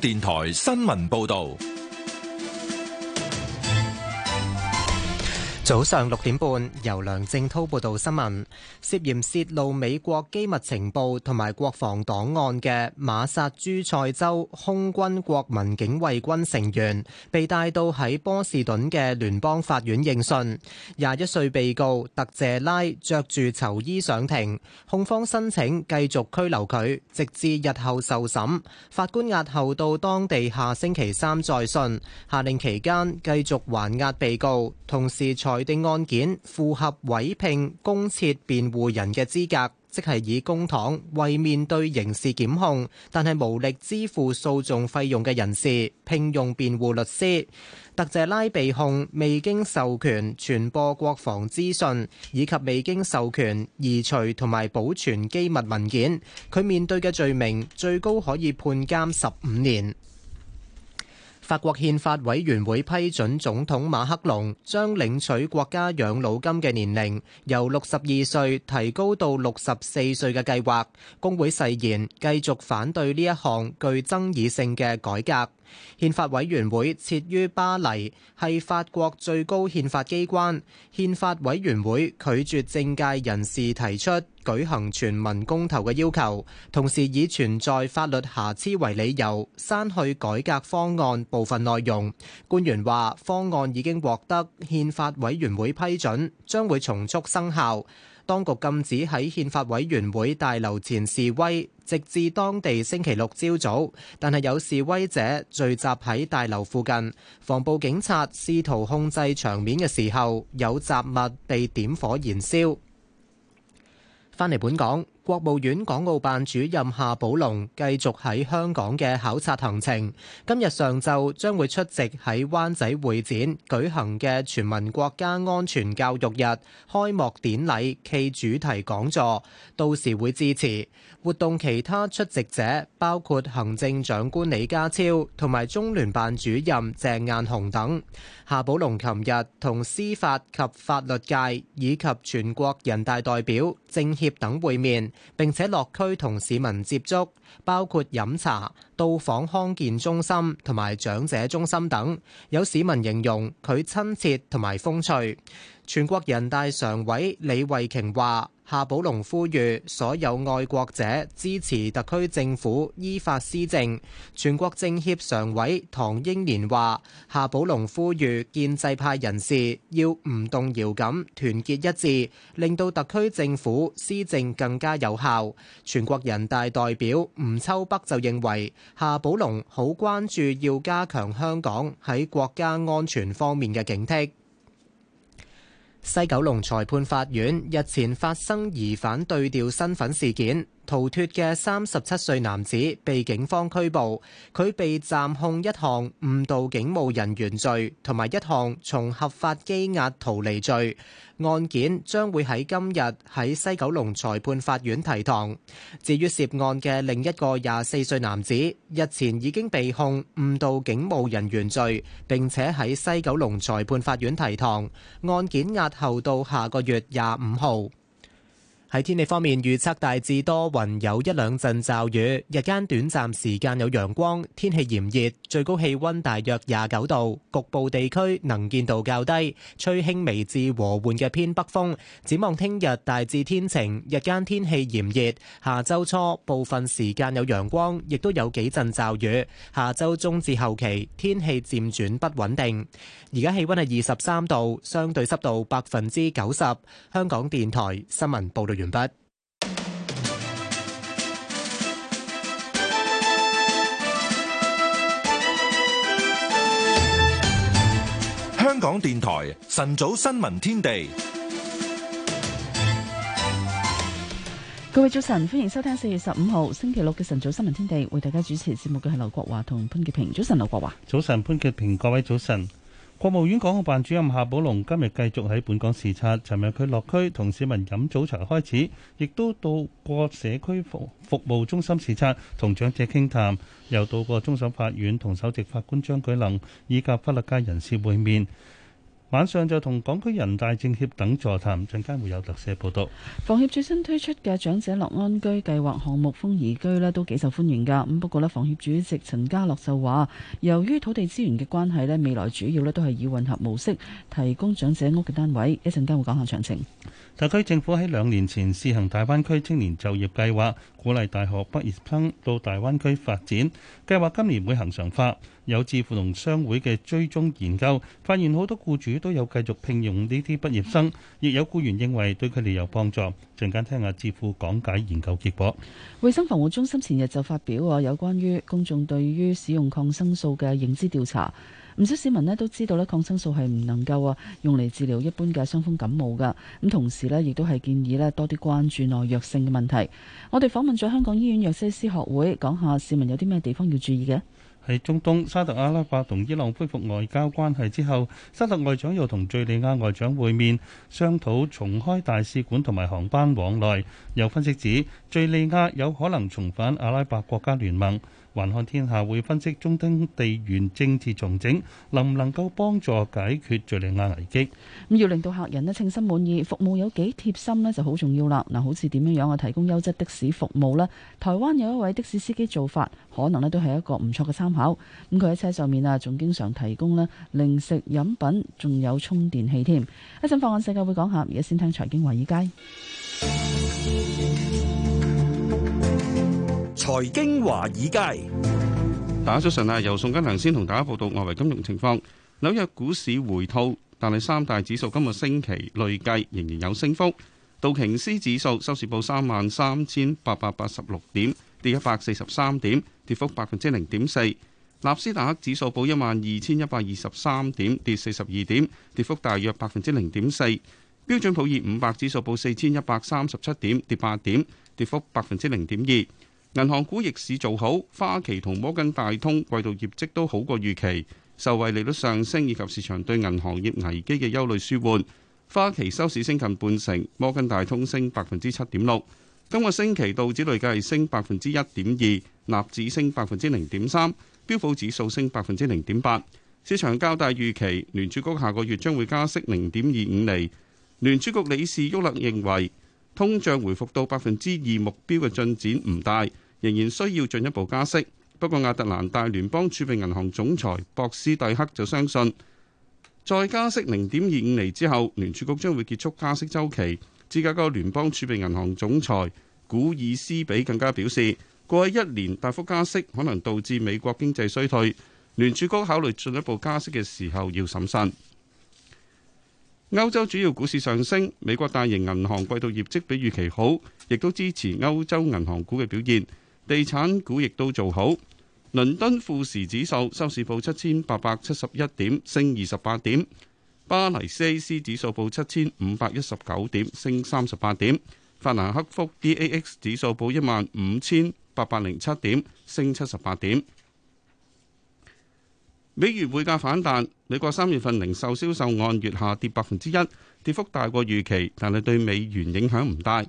電台新聞報道。早上六點半，由梁正濤報道新聞。涉嫌泄露美國機密情報同埋國防檔案嘅馬薩諸塞州空軍國民警衛軍成員，被帶到喺波士頓嘅聯邦法院應訊。廿一歲被告特謝拉着住囚衣上庭，控方申請繼續拘留佢，直至日後受審。法官押後到當地下星期三再訊，下令期間繼續還押被告，同時裁。佢嘅案件符合委聘公設辯護人嘅資格，即係以公帑為面對刑事檢控，但係無力支付訴訟費用嘅人士聘用辯護律師。特謝拉被控未經授權傳播國防資訊，以及未經授權移除同埋保存機密文件。佢面對嘅罪名最高可以判監十五年。法國憲法委員會批准總統馬克龍將領取國家養老金嘅年齡由六十二歲提高到六十四歲嘅計劃，工會誓言繼續反對呢一項具爭議性嘅改革。憲法委員會設於巴黎，係法國最高憲法機關。憲法委員會拒絕政界人士提出舉行全民公投嘅要求，同時以存在法律瑕疵為理由刪去改革方案部分內容。官員話：方案已經獲得憲法委員會批准，將會從速生效。當局禁止喺憲法委員會大樓前示威，直至當地星期六朝早。但係有示威者聚集喺大樓附近，防暴警察試圖控制場面嘅時候，有雜物被點火燃燒。翻嚟本港。國務院港澳辦主任夏寶龍繼續喺香港嘅考察行程，今日上晝將會出席喺灣仔會展舉行嘅全民國家安全教育日開幕典禮暨主題講座，到時會支持活動。其他出席者包括行政長官李家超同埋中聯辦主任鄭雁雄等。夏寶龍琴日同司法及法律界以及全國人大代表、政協等會面。並且落區同市民接觸，包括飲茶、到訪康健中心同埋長者中心等。有市民形容佢親切同埋風趣。全國人大常委李慧瓊話。夏寶龍呼籲所有愛國者支持特區政府依法施政。全國政協常委唐英年話：夏寶龍呼籲建制派人士要唔動搖噉團結一致，令到特區政府施政更加有效。全國人大代表吳秋北就認為夏寶龍好關注要加強香港喺國家安全方面嘅警惕。西九龍裁判法院日前發生疑犯對調身份事件。逃脫嘅三十七歲男子被警方拘捕，佢被暫控一項誤導警務人員罪同埋一項從合法羈押逃離罪。案件將會喺今日喺西九龍裁判法院提堂。至於涉案嘅另一個廿四歲男子，日前已經被控誤導警務人員罪，並且喺西九龍裁判法院提堂，案件押後到下個月廿五號。喺天氣方面預測大致多雲，有一兩陣驟雨，日間短暫時間有陽光，天氣炎熱，最高氣溫大約廿九度，局部地區能見度較低，吹輕微至和緩嘅偏北風。展望聽日大致天晴，日間天氣炎熱，下周初部分時間有陽光，亦都有幾陣驟雨，下周中至後期天氣漸轉不穩定。而家氣溫係二十三度，相對濕度百分之九十。香港電台新聞報道。完畢。香港電台晨早新聞天地，各位早晨，歡迎收聽四月十五號星期六嘅晨早新聞天地，為大家主持節目嘅係劉國華同潘潔平。早晨，劉國華。早晨，潘潔平。各位早晨。國務院港澳辦主任夏寶龍今日繼續喺本港視察。尋日佢落區同市民飲早茶開始，亦都到過社區服服務中心視察，同長者傾談，談，又到過終審法院同首席法官張舉能以及法律界人士會面。晚上就同港區人大政協等座談，陣間會有特寫報道。房協最新推出嘅長者樂安居計劃項目豐宜居咧，都幾受歡迎㗎。咁不過咧，房協主席陳家樂就話，由於土地資源嘅關係咧，未來主要咧都係以混合模式提供長者屋嘅單位。一陣間會講下詳情。特區政府喺兩年前試行大灣區青年就業計劃，鼓勵大學畢業生到大灣區發展。計劃今年會恆常化。有智庫同商會嘅追蹤研究，發現好多僱主都有繼續聘用呢啲畢業生，亦有僱員認為對佢哋有幫助。陣間聽下智庫講解研究結果。衞生防護中心前日就發表話，有關於公眾對於使用抗生素嘅認知調查。唔少市民呢都知道呢抗生素係唔能夠啊用嚟治療一般嘅傷風感冒㗎，咁同時呢亦都係建議呢多啲關注耐藥性嘅問題。我哋訪問咗香港醫院藥劑師學會，講下市民有啲咩地方要注意嘅。喺中東，沙特阿拉伯同伊朗恢復外交關係之後，沙特外長又同敘利亞外長會面，商討重開大使館同埋航班往來。有分析指，敘利亞有可能重返阿拉伯國家聯盟。環看天下會分析中東地緣政治重整能唔能夠幫助解決敍利亞危機。咁要令到客人呢，稱心滿意，服務有幾貼心呢就好重要啦。嗱，好似點樣樣啊，提供優質的士服務呢？台灣有一位的士司機做法可能呢都係一個唔錯嘅參考。咁佢喺車上面啊，仲經常提供呢零食飲品，仲有充電器添。一陣放眼世界會講下，而家先聽財經華爾街。財經華爾街，大家早晨啊！由宋金良先同大家報道外圍金融情況。紐約股市回吐，但係三大指數今個星期累計仍然有升幅。道瓊斯指數收市報三萬三千八百八十六點，跌一百四十三點，跌幅百分之零點四。納斯達克指數報一萬二千一百二十三點，跌四十二點，跌幅大約百分之零點四。標準普爾五百指數報四千一百三十七點，跌八點，跌幅百分之零點二。銀行股逆市做好，花旗同摩根大通季度業績都好過預期，受惠利率上升以及市場對銀行業危機嘅憂慮舒緩。花旗收市升近半成，摩根大通升百分之七點六。今個星期道指累計升百分之一點二，納指升百分之零點三，標普指數升百分之零點八。市場較大預期，聯儲局下個月將會加息零點二五厘。聯儲局理事沃勒認為，通脹回復到百分之二目標嘅進展唔大。仍然需要進一步加息，不過亞特蘭大聯邦儲備銀行總裁博斯蒂克就相信，再加息零點二五厘之後，聯儲局將會結束加息周期。芝加哥聯邦儲備銀行總裁古爾斯比更加表示，過去一年大幅加息可能導致美國經濟衰退，聯儲局考慮進一步加息嘅時候要審慎。歐洲主要股市上升，美國大型銀行季度業績比預期好，亦都支持歐洲銀行股嘅表現。地產股亦都做好。倫敦富時指數收市報七千八百七十一點，升二十八點。巴黎 CAC 指數報七千五百一十九點，升三十八點。法蘭克福 DAX 指數報一萬五千八百零七點，升七十八點。美元匯價反彈，美國三月份零售銷售按月下跌百分之一，跌幅大過預期，但係對美元影響唔大。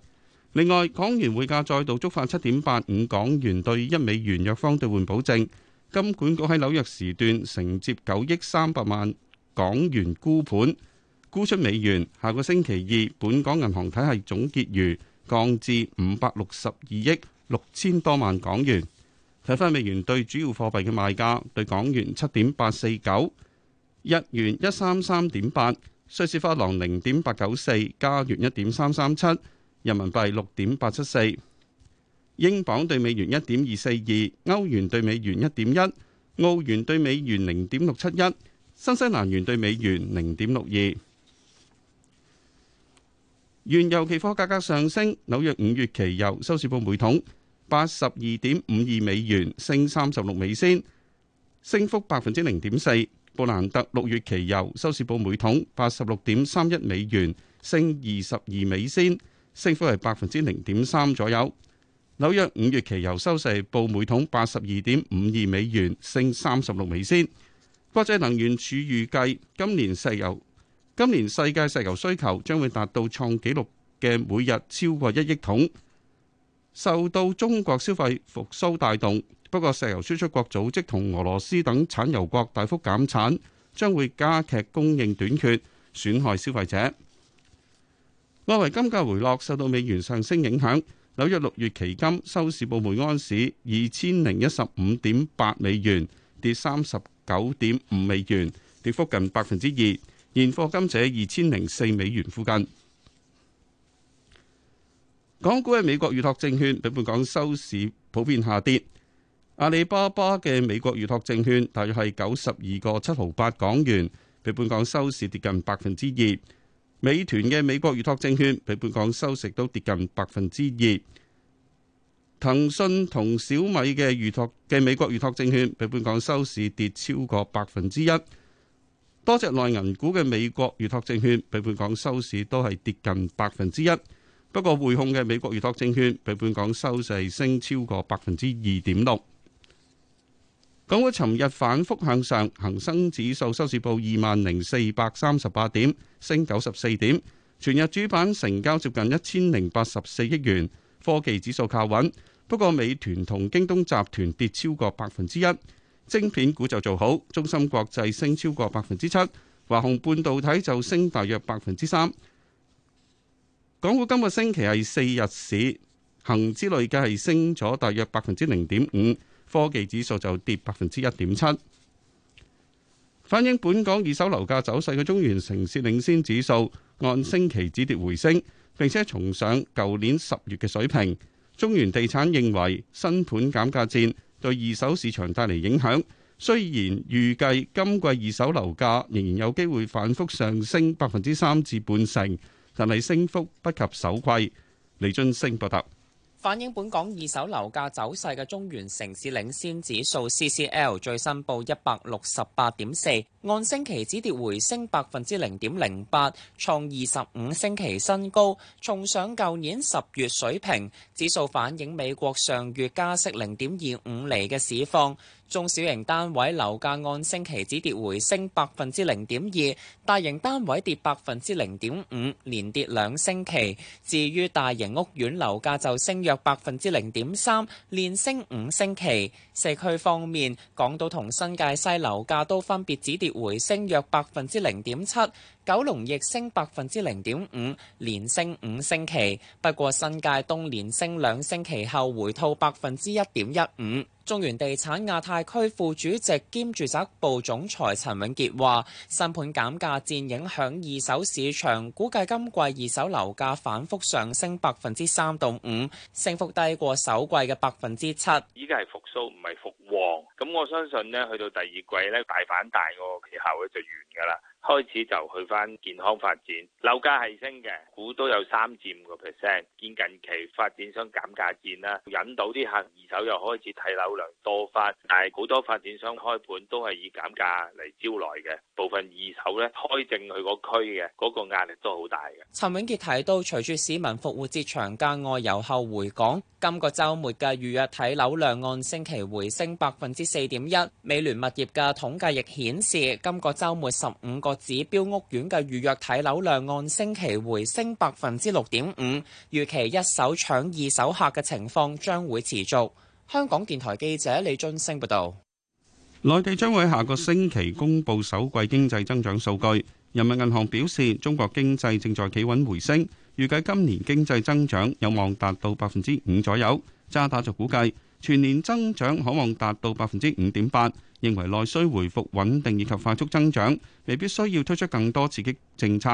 另外，港元匯價再度觸發七點八五港元對一美元弱方兌換保證。金管局喺紐約時段承接九億三百萬港元沽盤，沽出美元。下個星期二，本港銀行體系總結餘降至五百六十二億六千多萬港元。睇翻美元對主要貨幣嘅賣價，對港元七點八四九，日元一三三點八，瑞士法郎零點八九四，加元一點三三七。人民幣六點八七四，英鎊兌美元一點二四二，歐元兌美元一點一，澳元兌美元零點六七一，新西蘭元兌美元零點六二。原油期貨價格上升，紐約五月期油收市報每桶八十二點五二美元，升三十六美仙，升幅百分之零點四。布蘭特六月期油收市報每桶八十六點三一美元，升二十二美仙。升幅係百分之零點三左右。紐約五月期油收市報每桶八十二點五二美元，升三十六美仙。國際能源署預計今年石油今年世界石油需求將會達到創紀錄嘅每日超過一億桶。受到中國消費復甦帶動，不過石油輸出國組織同俄羅斯等產油國大幅減產，將會加劇供應短缺，損害消費者。外圍金價回落，受到美元上升影響。紐約六月期金收市報每安市二千零一十五點八美元，跌三十九點五美元，跌幅近百分之二。現貨金者二千零四美元附近。港股嘅美國預託證券，比本港收市普遍下跌。阿里巴巴嘅美國預託證券大約係九十二個七毫八港元，比本港收市跌近百分之二。美團嘅美國預託證券比本港收市都跌近百分之二，騰訊同小米嘅預託嘅美國預託證券比本港收市跌超過百分之一，多隻內銀股嘅美國預託證券比本港收市都係跌近百分之一，不過匯控嘅美國預託證券比本港收市升超過百分之二點六。港股尋日反覆向上，恒生指數收市報二萬零四百三十八點，升九十四點。全日主板成交接近一千零八十四億元。科技指數靠穩，不過美團同京東集團跌超過百分之一。晶片股就做好，中芯國際升超過百分之七，華虹半導體就升大約百分之三。港股今個星期係四日市，恒指累計係升咗大約百分之零點五。科技指數就跌百分之一點七，反映本港二手樓價走勢嘅中原城市領先指數按星期止跌回升，並且重上舊年十月嘅水平。中原地產認為新盤減價戰對二手市場帶嚟影響，雖然預計今季二手樓價仍然有機會反覆上升百分之三至半成，但係升幅不及首季。李俊升報道。反映本港二手樓價走勢嘅中原城市領先指數 CCL 最新報一百六十八點四，按星期止跌回升百分之零點零八，創二十五星期新高，重上舊年十月水平。指數反映美國上月加息零點二五釐嘅市況。中小型單位樓價按星期止跌回升百分之零點二，大型單位跌百分之零點五，連跌兩星期。至於大型屋苑樓價就升約百分之零點三，連升五星期。社區方面，港島同新界西樓價都分別止跌回升約百分之零點七，九龍亦升百分之零點五，連升五星期。不過新界東連升兩星期後回吐百分之一點一五。中原地產亞太區副主席兼住宅部總裁陳永傑話，新盤減價戰影響二手市場，估計今季二手樓價反復上升百分之三到五，升幅低過首季嘅百分之七。依家係復蘇，唔係復旺。咁我相信呢，去到第二季咧，大反大個期效咧就完㗎喇。開始就去翻健康發展，樓價係升嘅，股都有三至五個 percent。見近期發展商減價戰啦，引到啲客二手又開始睇樓量多翻，但係好多發展商開盤都係以減價嚟招來嘅。部分二手呢開正佢個區嘅，嗰、那個壓力都好大嘅。陳永傑提到，隨住市民復活節長假外遊後回港，今個週末嘅預約睇樓量按星期回升百分之四點一。美聯物業嘅統計亦顯示，今個週末十五個。指標屋苑嘅預約睇樓量按星期回升百分之六點五，預期一手搶二手客嘅情況將會持續。香港電台記者李津升報道。內地將會下個星期公布首季經濟增長數據。人民銀行表示，中國經濟正在企穩回升，預計今年經濟增長有望達到百分之五左右，渣打就估計，全年增長可望達到百分之五點八。認為內需回復穩定以及快速增長，未必需要推出更多刺激政策，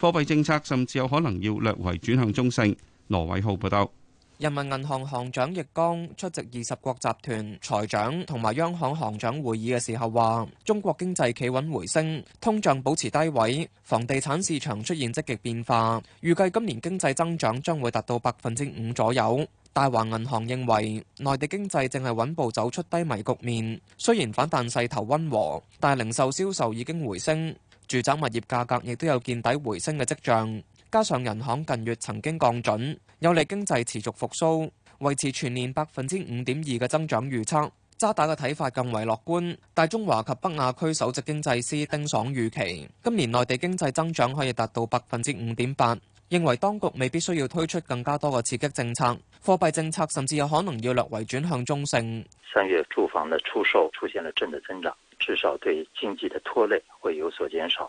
貨幣政策甚至有可能要略為轉向中性。羅偉浩報道。人民銀行行長易綱出席二十國集團財長同埋央行行長會議嘅時候話，中國經濟企穩回升，通脹保持低位，房地產市場出現積極變化，預計今年經濟增長將會達到百分之五左右。大華銀行認為內地經濟正係穩步走出低迷局面，雖然反彈勢頭溫和，但零售銷售，銷售已經回升，住宅物業價格亦都有見底回升嘅跡象，加上銀行近月曾經降準。有利經濟持續復甦，維持全年百分之五點二嘅增長預測。渣打嘅睇法更為樂觀，大中華及北亞區首席經濟師丁爽預期今年內地經濟增長可以達到百分之五點八，認為當局未必需要推出更加多嘅刺激政策，貨幣政策甚至有可能要略為轉向中性。三月住房嘅出售出現了正嘅增長，至少對經濟的拖累會有所減少。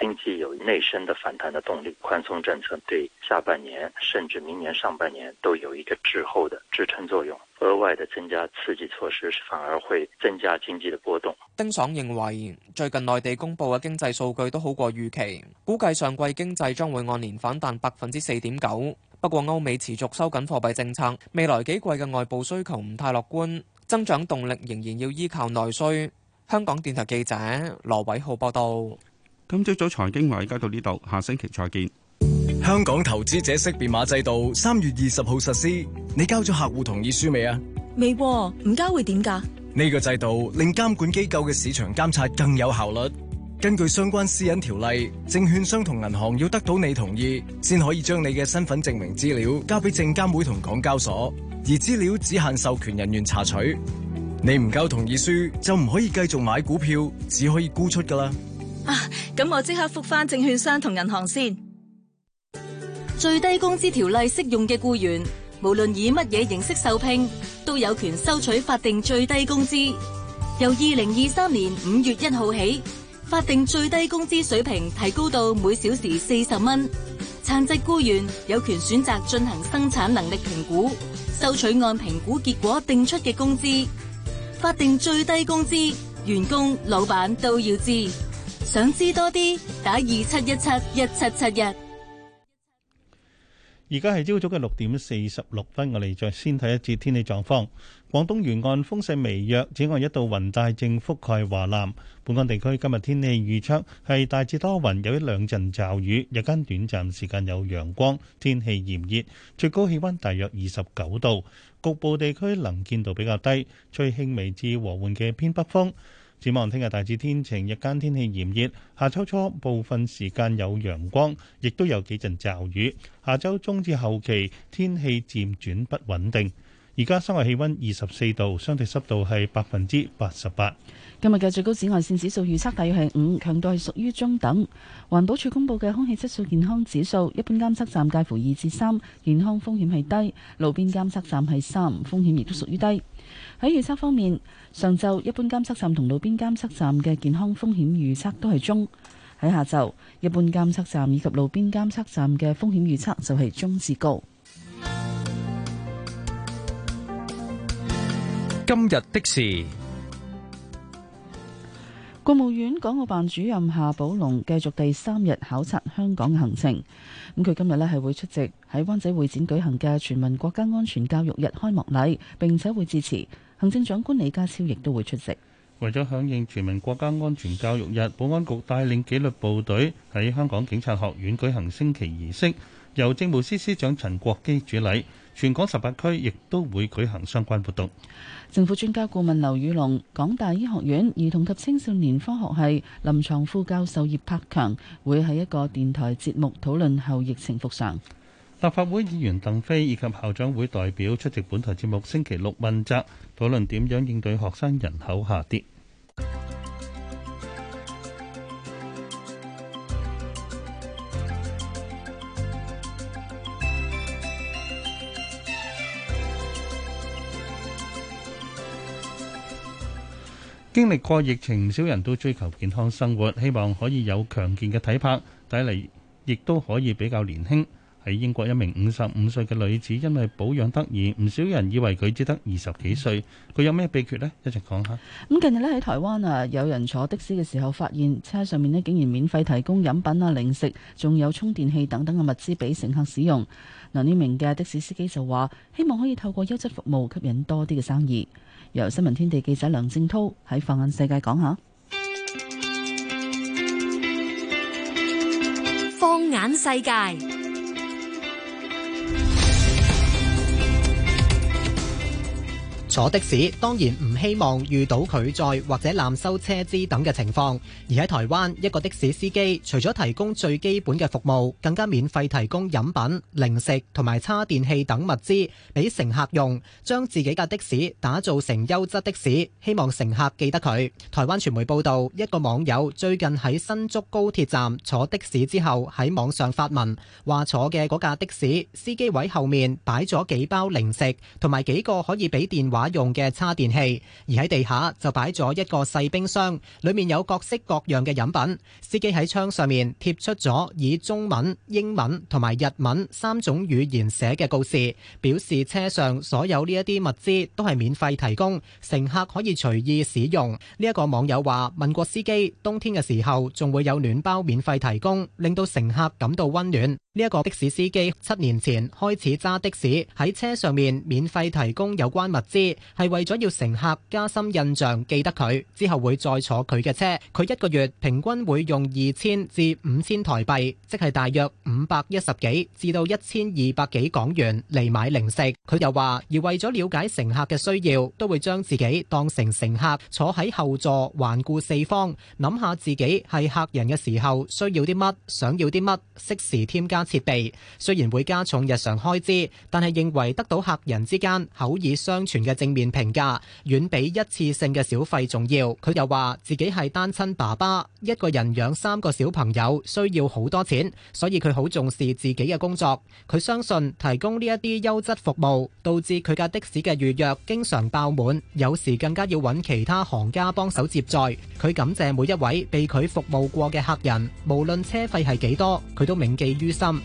經濟有內生嘅反彈嘅動力，寬鬆政策對下半年甚至明年上半年都有一個滯後的支撐作用。額外的增加刺激措施反而會增加經濟的波動。丁爽認為，最近內地公布嘅經濟數據都好過預期，估計上季經濟將會按年反彈百分之四點九。不過，歐美持續收緊貨幣政策，未來幾季嘅外部需求唔太樂觀，增長動力仍然要依靠內需。香港電台記者羅偉浩報道。今朝早財經話，而家到呢度，下星期再見。香港投資者識別碼制度三月二十號實施，你交咗客戶同意書未啊？未，唔交會點噶？呢個制度令監管機構嘅市場監察更有效率。根據相關私隱條例，證券商同銀行要得到你同意，先可以將你嘅身份證明資料交俾證監會同港交所，而資料只限授權人員查取。你唔交同意書，就唔可以繼續買股票，只可以沽出噶啦。啊！咁我即刻復翻證券商同銀行先。最低工資條例適用嘅僱員，無論以乜嘢形式受聘，都有權收取法定最低工資。由二零二三年五月一號起，法定最低工資水平提高到每小時四十蚊。殘疾僱員有權選擇進行生產能力評估，收取按評估結果定出嘅工資。法定最低工資，員工、老闆都要知。想知多啲，打二七一七一七七一。而家係朝早嘅六點四十六分，我哋再先睇一次天氣狀況。廣東沿岸風勢微弱，此外一道雲帶正覆蓋華南。本港地區今日天氣預測係大致多雲，有一兩陣驟雨，日間短暫時間有陽光，天氣炎熱，最高氣溫大約二十九度，局部地區能見度比較低，吹輕微至和緩嘅偏北風。展望聽日大致天晴，日間天氣炎熱，下週初部分時間有陽光，亦都有幾陣驟雨。下周中至後期天氣漸轉不穩定。而家室外氣溫二十四度，相對濕度係百分之八十八。今日嘅最高紫外線指數預測大約係五，強度係屬於中等。環保署公布嘅空氣質素健康指數，一般監測站介乎二至三，健康風險係低；路邊監測站係三，風險亦都屬於低。喺預測方面，上晝一般監測站同路邊監測站嘅健康風險預測都係中；喺下晝，一般監測站以及路邊監測站嘅風險預測就係中至高。今日的事，國務院港澳辦主任夏寶龍繼續第三日考察香港嘅行程。咁佢今日呢係會出席喺灣仔會展舉行嘅全民國家安全教育日開幕禮，並且會致辭。行政長官李家超亦都會出席。為咗響應全民國家安全教育日，保安局帶領紀律部隊喺香港警察學院舉行升旗儀式，由政務司司長陳國基主禮。全港十八區亦都會舉行相關活動。政府專家顧問劉宇龍、港大醫學院兒童及青少年科學系臨床副教授葉柏強會喺一個電台節目討論後疫情復常。立法會議員鄧飛以及校長會代表出席本台節目《星期六問責》，討論點樣應對學生人口下跌。經歷過疫情，唔少人都追求健康生活，希望可以有強健嘅體魄，帶嚟亦都可以比較年輕。喺英國一名五十五歲嘅女子，因為保養得宜，唔少人以為佢只得二十幾歲。佢有咩秘訣呢？一齊講一下。咁近日咧喺台灣啊，有人坐的士嘅時候，發現車上面咧竟然免費提供飲品啊、零食，仲有充電器等等嘅物資俾乘客使用。嗱呢名嘅的，的士司機就話：希望可以透過優質服務吸引多啲嘅生意。由新聞天地記者梁正濤喺放眼世界講下。放眼世界。坐的士當然唔希望遇到拒載或者濫收車資等嘅情況，而喺台灣，一個的士司機除咗提供最基本嘅服務，更加免費提供飲品、零食同埋叉電器等物資俾乘客用，將自己架的，的士打造成優質的士，希望乘客記得佢。台灣傳媒報道，一個網友最近喺新竹高鐵站坐的士之後喺網上發文，話坐嘅嗰架的士司機位後面擺咗幾包零食同埋幾個可以俾電話，用嘅叉電器，而喺地下就擺咗一個細冰箱，裏面有各式各樣嘅飲品。司機喺窗上面貼出咗以中文、英文同埋日文三種語言寫嘅告示，表示車上所有呢一啲物資都係免費提供，乘客可以隨意使用。呢一個網友話，問過司機冬天嘅時候仲會有暖包免費提供，令到乘客感到溫暖。呢一個的士司機七年前開始揸的士，喺車上面免費提供有關物資。係為咗要乘客加深印象，記得佢之後會再坐佢嘅車。佢一個月平均會用二千至五千台幣，即係大約五百一十幾至到一千二百幾港元嚟買零食。佢又話而為咗了，了解乘客嘅需要，都會將自己當成乘客坐喺後座，環顧四方，諗下自己係客人嘅時候需要啲乜，想要啲乜，適時添加設備。雖然會加重日常開支，但係認為得到客人之間口耳相傳嘅正面評價遠比一次性嘅小費重要。佢又話自己係單親爸爸，一個人養三個小朋友需要好多錢，所以佢好重視自己嘅工作。佢相信提供呢一啲優質服務，導致佢架的，的士嘅預約經常爆滿，有時更加要揾其他行家幫手接載。佢感謝每一位被佢服務過嘅客人，無論車費係幾多，佢都銘記於心。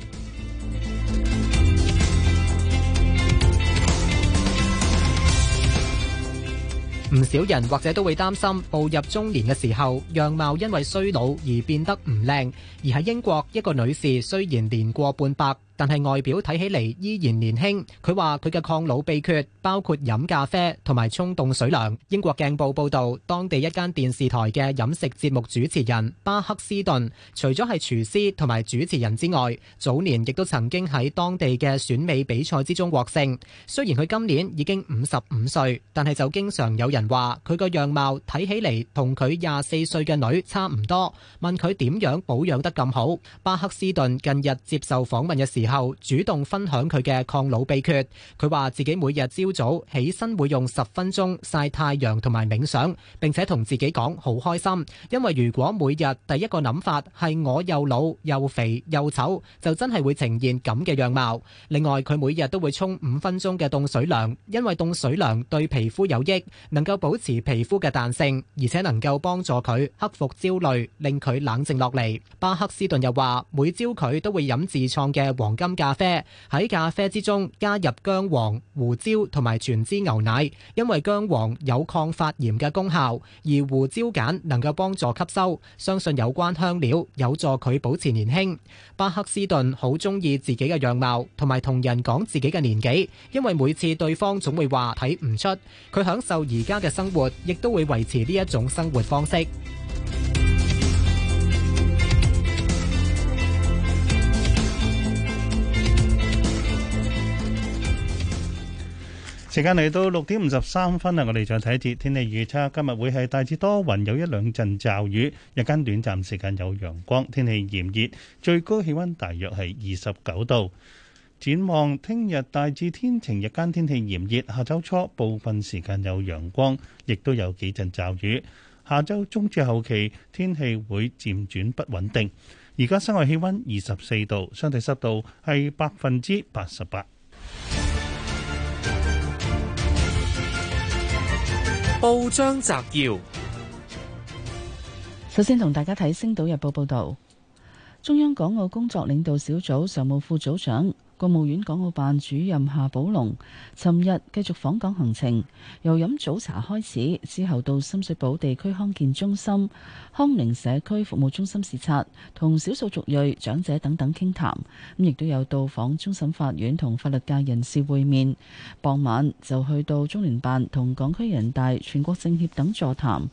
唔少人或者都會擔心步入中年嘅時候，樣貌因為衰老而變得唔靚，而喺英國，一個女士雖然年過半百。但係外表睇起嚟依然年輕。佢話佢嘅抗老秘訣包括飲咖啡同埋沖凍水涼。英國鏡報報導，當地一間電視台嘅飲食節目主持人巴克斯頓，除咗係廚師同埋主持人之外，早年亦都曾經喺當地嘅選美比賽之中獲勝。雖然佢今年已經五十五歲，但係就經常有人話佢個樣貌睇起嚟同佢廿四歲嘅女差唔多。問佢點樣保養得咁好，巴克斯頓近日接受訪問嘅時，後主動分享佢嘅抗老秘訣。佢話自己每日朝早起身會用十分鐘晒太陽同埋冥想，並且同自己講好開心，因為如果每日第一個諗法係我又老又肥又醜，就真係會呈現咁嘅樣貌。另外，佢每日都會沖五分鐘嘅凍水涼，因為凍水涼對皮膚有益，能夠保持皮膚嘅彈性，而且能夠幫助佢克服焦慮，令佢冷靜落嚟。巴克斯頓又話，每朝佢都會飲自創嘅黃。金咖啡，喺咖啡之中加入薑黃、胡椒同埋全脂牛奶，因為薑黃有抗發炎嘅功效，而胡椒鹼能夠幫助吸收，相信有關香料有助佢保持年輕。巴克斯頓好中意自己嘅樣貌，同埋同人講自己嘅年紀，因為每次對方總會話睇唔出。佢享受而家嘅生活，亦都會維持呢一種生活方式。時間嚟到六點五十三分啦，我哋再睇一節天氣預測。今日會係大致多雲，有一兩陣驟雨，日間短暫時間有陽光，天氣炎熱，最高氣温大約係二十九度。展望聽日大致天晴，日間天氣炎熱，下周初部分時間有陽光，亦都有幾陣驟雨。下周中至後期天氣會漸轉不穩定。而家室外氣温二十四度，相對濕度係百分之八十八。報章摘要，首先同大家睇《星島日報》報道，中央港澳工作領導小組常務副組長。國務院港澳辦主任夏寶龍尋日繼續訪港行程，由飲早茶開始，之後到深水埗地區康健中心、康寧社區服務中心視察，同少數族裔、長者等等傾談，亦都有到訪終審法院同法律界人士會面。傍晚就去到中聯辦同港區人大、全國政協等座談。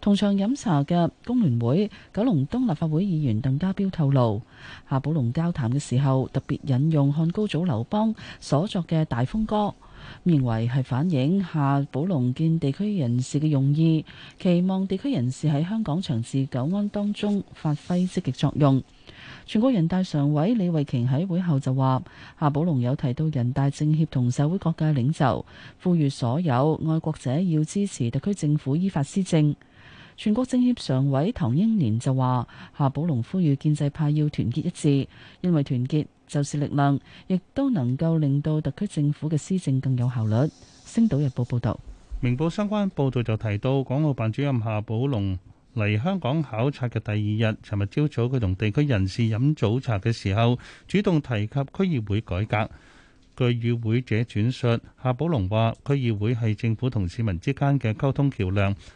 同場飲茶嘅工聯會九龍東立法會議員鄧家彪透露，夏寶龍交談嘅時候特別引用漢高祖劉邦所作嘅《大風歌》，咁認為係反映夏寶龍見地區人士嘅用意，期望地區人士喺香港長治久安當中發揮積極作用。全國人大常委李慧瓊喺會後就話，夏寶龍有提到人大政協同社會各界領袖，呼籲所有愛國者要支持特區政府依法施政。全國政協常委唐英年就話：夏寶龍呼籲建制派要團結一致，因為團結就是力量，亦都能夠令到特區政府嘅施政更有效率。星島日報報道：「明報相關報導就提到，港澳辦主任夏寶龍嚟香港考察嘅第二日，尋日朝早佢同地區人士飲早茶嘅時候，主動提及區議會改革。據與會者轉述，夏寶龍話：區議會係政府同市民之間嘅溝通橋梁。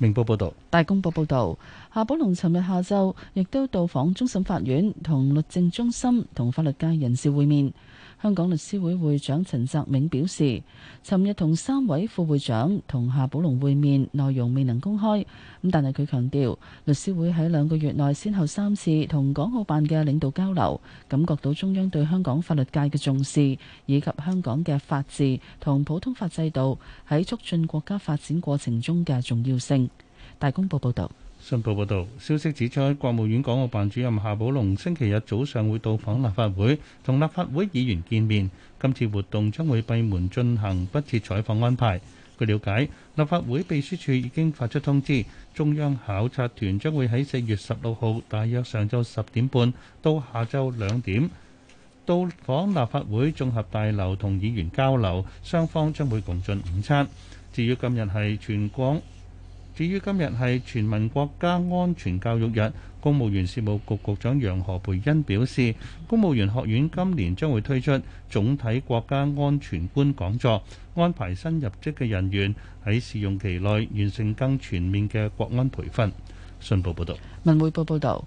明報報道，大公報報道，夏寶龍昨日下晝亦都到訪終審法院同律政中心同法律界人士會面。香港律師會會長陳澤銘表示，尋日同三位副會長同夏寶龍會面，內容未能公開。咁但係佢強調，律師會喺兩個月內先後三次同港澳辦嘅領導交流，感覺到中央對香港法律界嘅重視，以及香港嘅法治同普通法制度喺促進國家發展過程中嘅重要性。大公報報道。信報報導，消息指出，國務院港澳辦主任夏寶龍星期日早上會到訪立法會，同立法會議員見面。今次活動將會閉門進行，不設採訪安排。據瞭解，立法會秘書處已經發出通知，中央考察團將會喺四月十六號大約上晝十點半到下晝兩點到訪立法會綜合大樓，同議員交流，雙方將會共進午餐。至於今日係全港。至於今日係全民國家安全教育日，公務員事務局局長楊何培恩表示，公務員學院今年將會推出總體國家安全觀講座，安排新入職嘅人員喺試用期內完成更全面嘅國安培訓。信報報道。文匯報報道。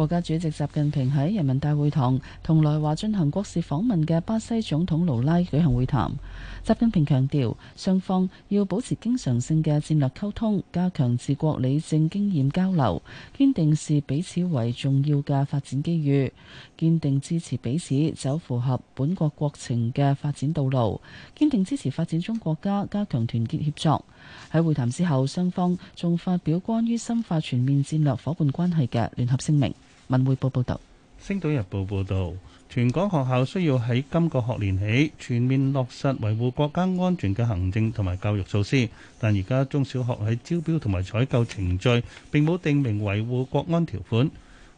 國家主席習近平喺人民大會堂同來華進行國事訪問嘅巴西總統盧拉舉行會談。習近平強調，雙方要保持經常性嘅戰略溝通，加強治國理政經驗交流，堅定視彼此為重要嘅發展機遇，堅定支持彼此走符合本國國情嘅發展道路，堅定支持發展中國家加強團結協作。喺會談之後，雙方仲發表關於深化全面戰略夥伴關係嘅聯合聲明。文匯報報道，《星島日報》報道，全港學校需要喺今個學年起全面落實維護國家安全嘅行政同埋教育措施，但而家中小學喺招標同埋採購程序，並冇定名維護國安條款。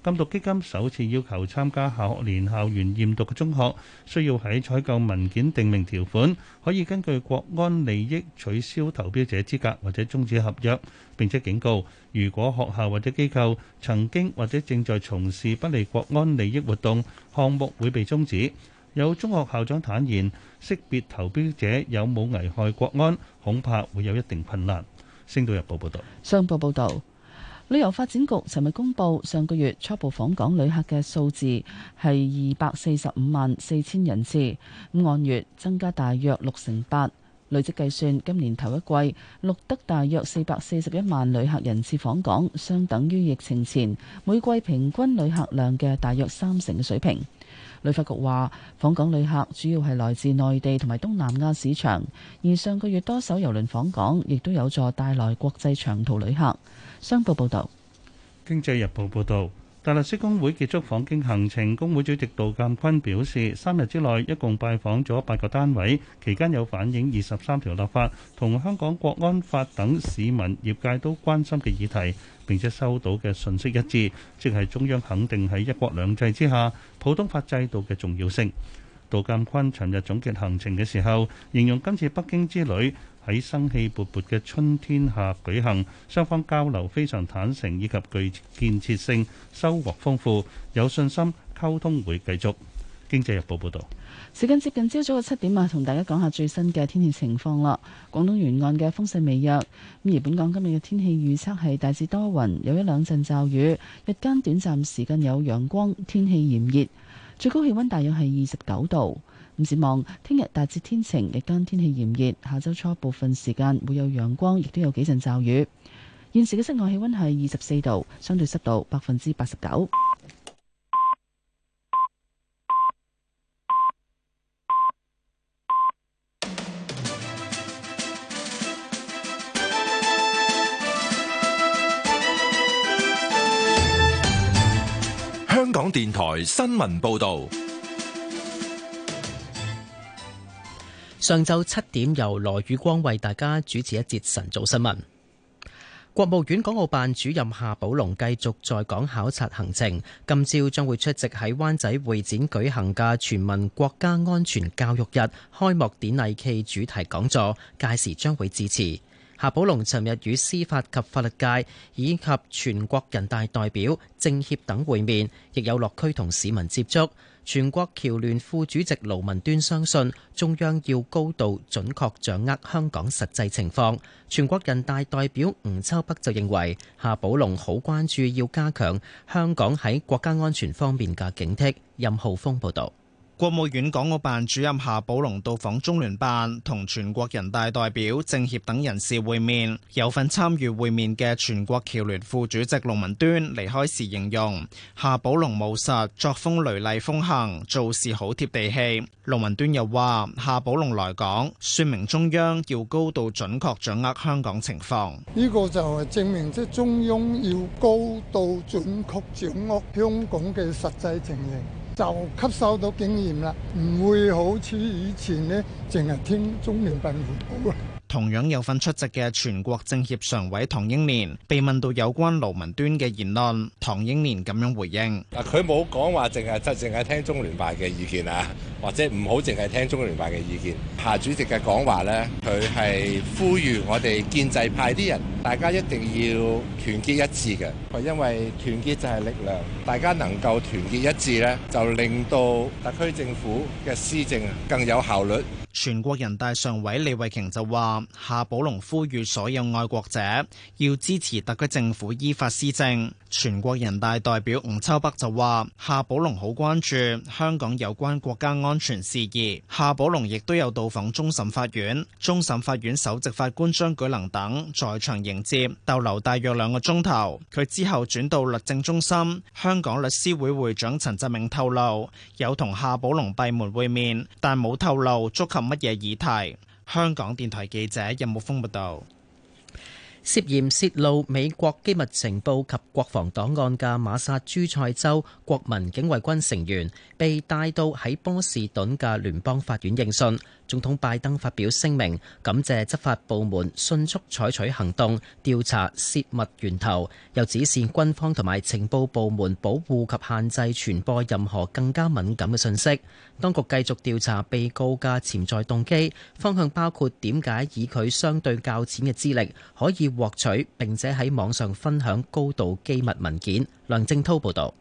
禁毒基金首次要求參加下學年校園驗毒嘅中學，需要喺採購文件定明條款，可以根據國安利益取消投標者資格或者終止合約，並且警告，如果學校或者機構曾經或者正在從事不利國安利益活動，項目會被終止。有中學校長坦言，識別投標者有冇危害國安，恐怕會有一定困難。星島日報報導，商報報導。旅遊發展局尋日公布上個月初步訪港旅客嘅數字係二百四十五萬四千人次，按月增加大約六成八。累積計算，今年頭一季錄得大約四百四十一萬旅客人次訪港，相等於疫情前每季平均旅客量嘅大約三成嘅水平。旅發局話，訪港旅客主要係來自內地同埋東南亞市場，而上個月多艘郵輪訪港，亦都有助帶來國際長途旅客。商報報道，《經濟日報》報道。大律師公會結束訪京行程，公會主席杜鑑坤表示，三日之內一共拜訪咗八個單位，期間有反映二十三條立法同香港國安法等市民業界都關心嘅議題，並且收到嘅信息一致，即係中央肯定喺一國兩制之下普通法制度嘅重要性。杜鑑坤尋日總結行程嘅時候，形容今次北京之旅，喺生氣勃勃嘅春天下舉行，雙方交流非常坦誠以及具建設性，收穫豐富，有信心溝通會繼續。經濟日報報道。時間接近朝早嘅七點啊，同大家講下最新嘅天氣情況啦。廣東沿岸嘅風勢微弱，咁而本港今日嘅天氣預測係大致多雲，有一兩陣驟雨，日間短暫時間有陽光，天氣炎熱，最高氣溫大約係二十九度。展望聽日大致天晴，日間天氣炎熱，下周初部分時間會有陽光，亦都有幾陣驟雨。現時嘅室外氣溫係二十四度，相對濕度百分之八十九。香港電台新聞報道。上晝七點，由羅宇光為大家主持一節晨早新聞。國務院港澳辦主任夏寶龍繼續在港考察行程，今朝將會出席喺灣仔會展舉行嘅全民國家安全教育日開幕典禮暨主題講座，屆時將會致辭。夏寶龍尋日與司法及法律界以及全國人大代表、政協等會面，亦有落區同市民接觸。全國僑聯副主席盧文端相信中央要高度準確掌握香港實際情況。全國人大代表吳秋北就認為夏寶龍好關注，要加強香港喺國家安全方面嘅警惕。任浩峰報道。國務院港澳辦主任夏寶龍到訪中聯辦，同全國人大代表、政協等人士會面。有份參與會面嘅全國僑聯副主席盧文端離開時形容，夏寶龍務實，作風雷厲風行，做事好貼地氣。盧文端又話，夏寶龍來港，說明中央要高度準確掌握香港情況。呢個就係證明，即中央要高度準確掌握香港嘅實際情形。就吸收到經驗啦，唔會好似以前呢，淨係聽中年貧婦。同樣有份出席嘅全國政協常委唐英年被問到有關盧文端嘅言論，唐英年咁樣回應：嗱，佢冇講話，淨係就淨係聽中聯辦嘅意見啊，或者唔好淨係聽中聯辦嘅意見。夏主席嘅講話呢，佢係呼籲我哋建制派啲人，大家一定要團結一致嘅，因為團結就係力量。大家能夠團結一致呢，就令到特區政府嘅施政更有效率。全國人大常委李慧瓊就話：夏寶龍呼籲所有愛國者要支持特區政府依法施政。全國人大代表吳秋北就話：夏寶龍好關注香港有關國家安全事宜。夏寶龍亦都有到訪終審法院，終審法院首席法官張舉能等在場迎接，逗留大約兩個鐘頭。佢之後轉到律政中心。香港律師會會長陳澤明透露，有同夏寶龍閉門會面，但冇透露足球乜嘢議題？香港電台記者任木峯報道，涉嫌泄露美國機密情報及國防檔案嘅馬薩諸塞州國民警衛軍成員被帶到喺波士頓嘅聯邦法院應訊。總統拜登發表聲明，感謝執法部門迅速採取行動調查泄密源頭，又指示軍方同埋情報部門保護及限制傳播任何更加敏感嘅信息。當局繼續調查被告嘅潛在動機，方向包括點解以佢相對較淺嘅資歷可以獲取並且喺網上分享高度機密文件。梁正滔報道。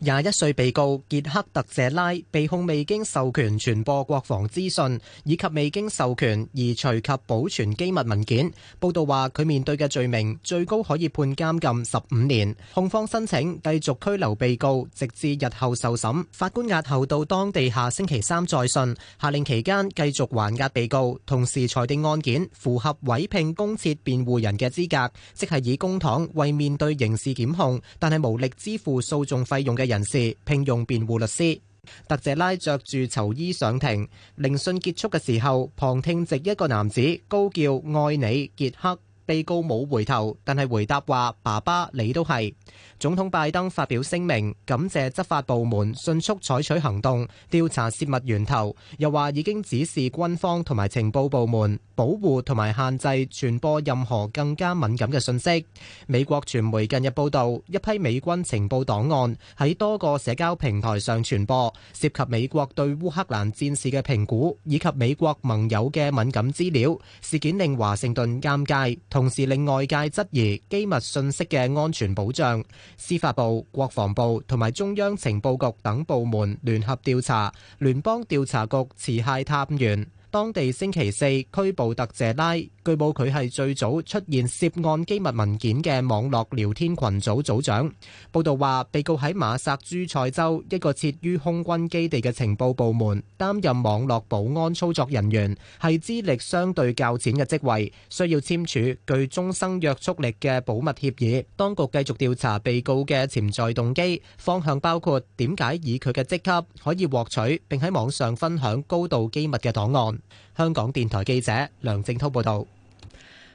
廿一歲被告傑克特謝拉被控未經授權傳播國防資訊，以及未經授權而移除及保存機密文件。報道話佢面對嘅罪名最高可以判監禁十五年。控方申請繼續拘留被告直至日後受審。法官押後到當地下星期三再訊。下令期間繼續還押被告，同時裁定案件符合委聘公設辯護人嘅資格，即係以公帑為面對刑事檢控，但係無力支付訴訟費用嘅人人士聘用辯護律師，特謝拉着住囚衣上庭。聆訊結束嘅時候，旁聽席一個男子高叫：愛你，傑克！被告冇回頭，但係回答話，爸爸，你都係。總統拜登發表聲明，感謝執法部門迅速採取行動，調查洩密源頭，又話已經指示軍方同埋情報部門保護同埋限制傳播任何更加敏感嘅信息。美國傳媒近日報道，一批美軍情報檔案喺多個社交平台上傳播，涉及美國對烏克蘭戰事嘅評估以及美國盟友嘅敏感資料。事件令華盛頓尷尬。同時令外界質疑機密信息嘅安全保障，司法部、國防部同埋中央情報局等部門聯合調查，聯邦調查局持械探員當地星期四拘捕特謝拉。據報佢係最早出現涉案機密文件嘅網絡聊天群組組長。報道話，被告喺馬薩諸塞州一個設於空軍基地嘅情報部門擔任網絡保安操作人員，係資歷相對較淺嘅職位，需要簽署具終生約束力嘅保密協議。當局繼續調查被告嘅潛在動機，方向，包括點解以佢嘅職級可以獲取並喺網上分享高度機密嘅檔案。香港電台記者梁正滔報導。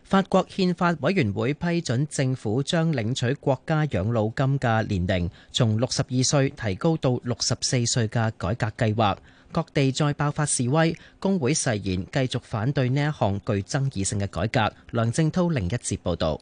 法國憲法委員會批准政府將領取國家養老金嘅年齡從六十二歲提高到六十四歲嘅改革計劃，各地再爆發示威，工會誓言繼續反對呢一項具爭議性嘅改革。梁正濤另一節報道。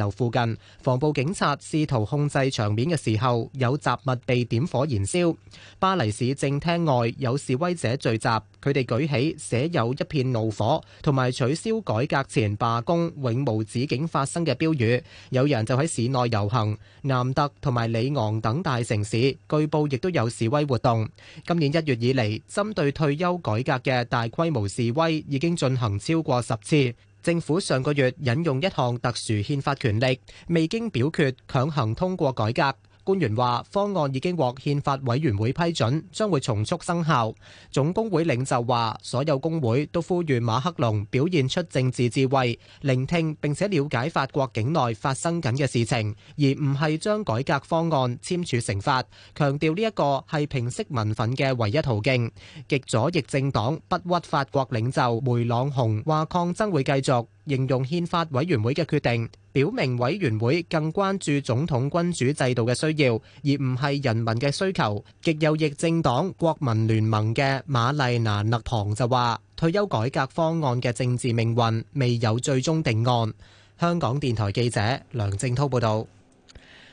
樓附近，防暴警察試圖控制場面嘅時候，有雜物被點火燃燒。巴黎市政廳外有示威者聚集，佢哋舉起寫有一片怒火同埋取消改革前罷工永無止境發生嘅標語。有人就喺市內遊行。南特同埋里昂等大城市，據報亦都有示威活動。今年一月以嚟，針對退休改革嘅大規模示威已經進行超過十次。政府上個月引用一項特殊憲法權力，未經表決強行通過改革。官員話方案已經獲憲法委員會批准，將會從速生效。總工會領袖話：所有工會都呼籲馬克龍表現出政治智慧，聆聽並且了解法國境內發生緊嘅事情，而唔係將改革方案簽署成法。強調呢一個係平息民憤嘅唯一途徑。極左翼政黨不屈法國領袖梅朗雄話抗爭會繼續。形容憲法委員會嘅決定，表明委員會更關注總統君主制度嘅需要，而唔係人民嘅需求。極右翼政黨國民聯盟嘅馬麗娜勒龐就話：退休改革方案嘅政治命運未有最終定案。香港電台記者梁正滔報導。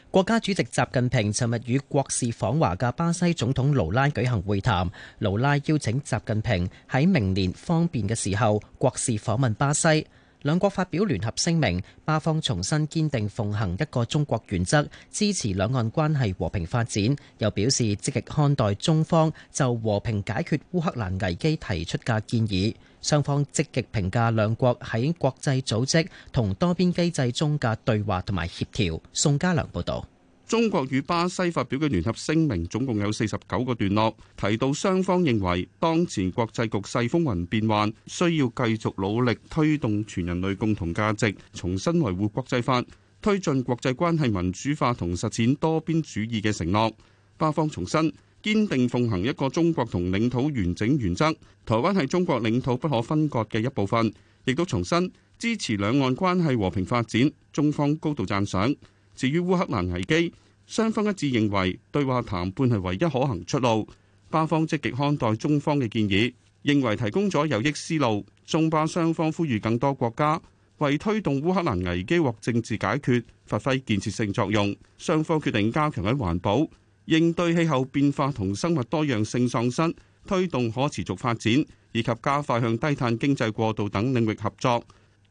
國家主席習近平尋日與國事訪華嘅巴西總統盧拉舉行會談，盧拉邀請習近平喺明年方便嘅時候國事訪問巴西。兩國發表聯合聲明，巴方重新堅定奉行一個中國原則，支持兩岸關係和平發展，又表示積極看待中方就和平解決烏克蘭危機提出嘅建議。雙方積極評價兩國喺國際組織同多邊機制中嘅對話同埋協調。宋家良報導。中國與巴西發表嘅聯合聲明總共有四十九個段落，提到雙方認為當前國際局勢風雲變幻，需要繼續努力推動全人類共同價值，重新維護國際法，推進國際關係民主化同實踐多邊主義嘅承諾。巴方重申堅定奉行一個中國同領土完整原則，台灣係中國領土不可分割嘅一部分，亦都重申支持兩岸關係和平發展。中方高度讚賞。至於烏克蘭危機，雙方一致認為對話談判係唯一可行出路。巴方積極看待中方嘅建議，認為提供咗有益思路。中巴雙方呼籲更多國家為推動烏克蘭危機獲政治解決發揮建設性作用。雙方決定加強喺環保、應對氣候變化同生物多樣性喪失、推動可持續發展以及加快向低碳經濟過渡等領域合作，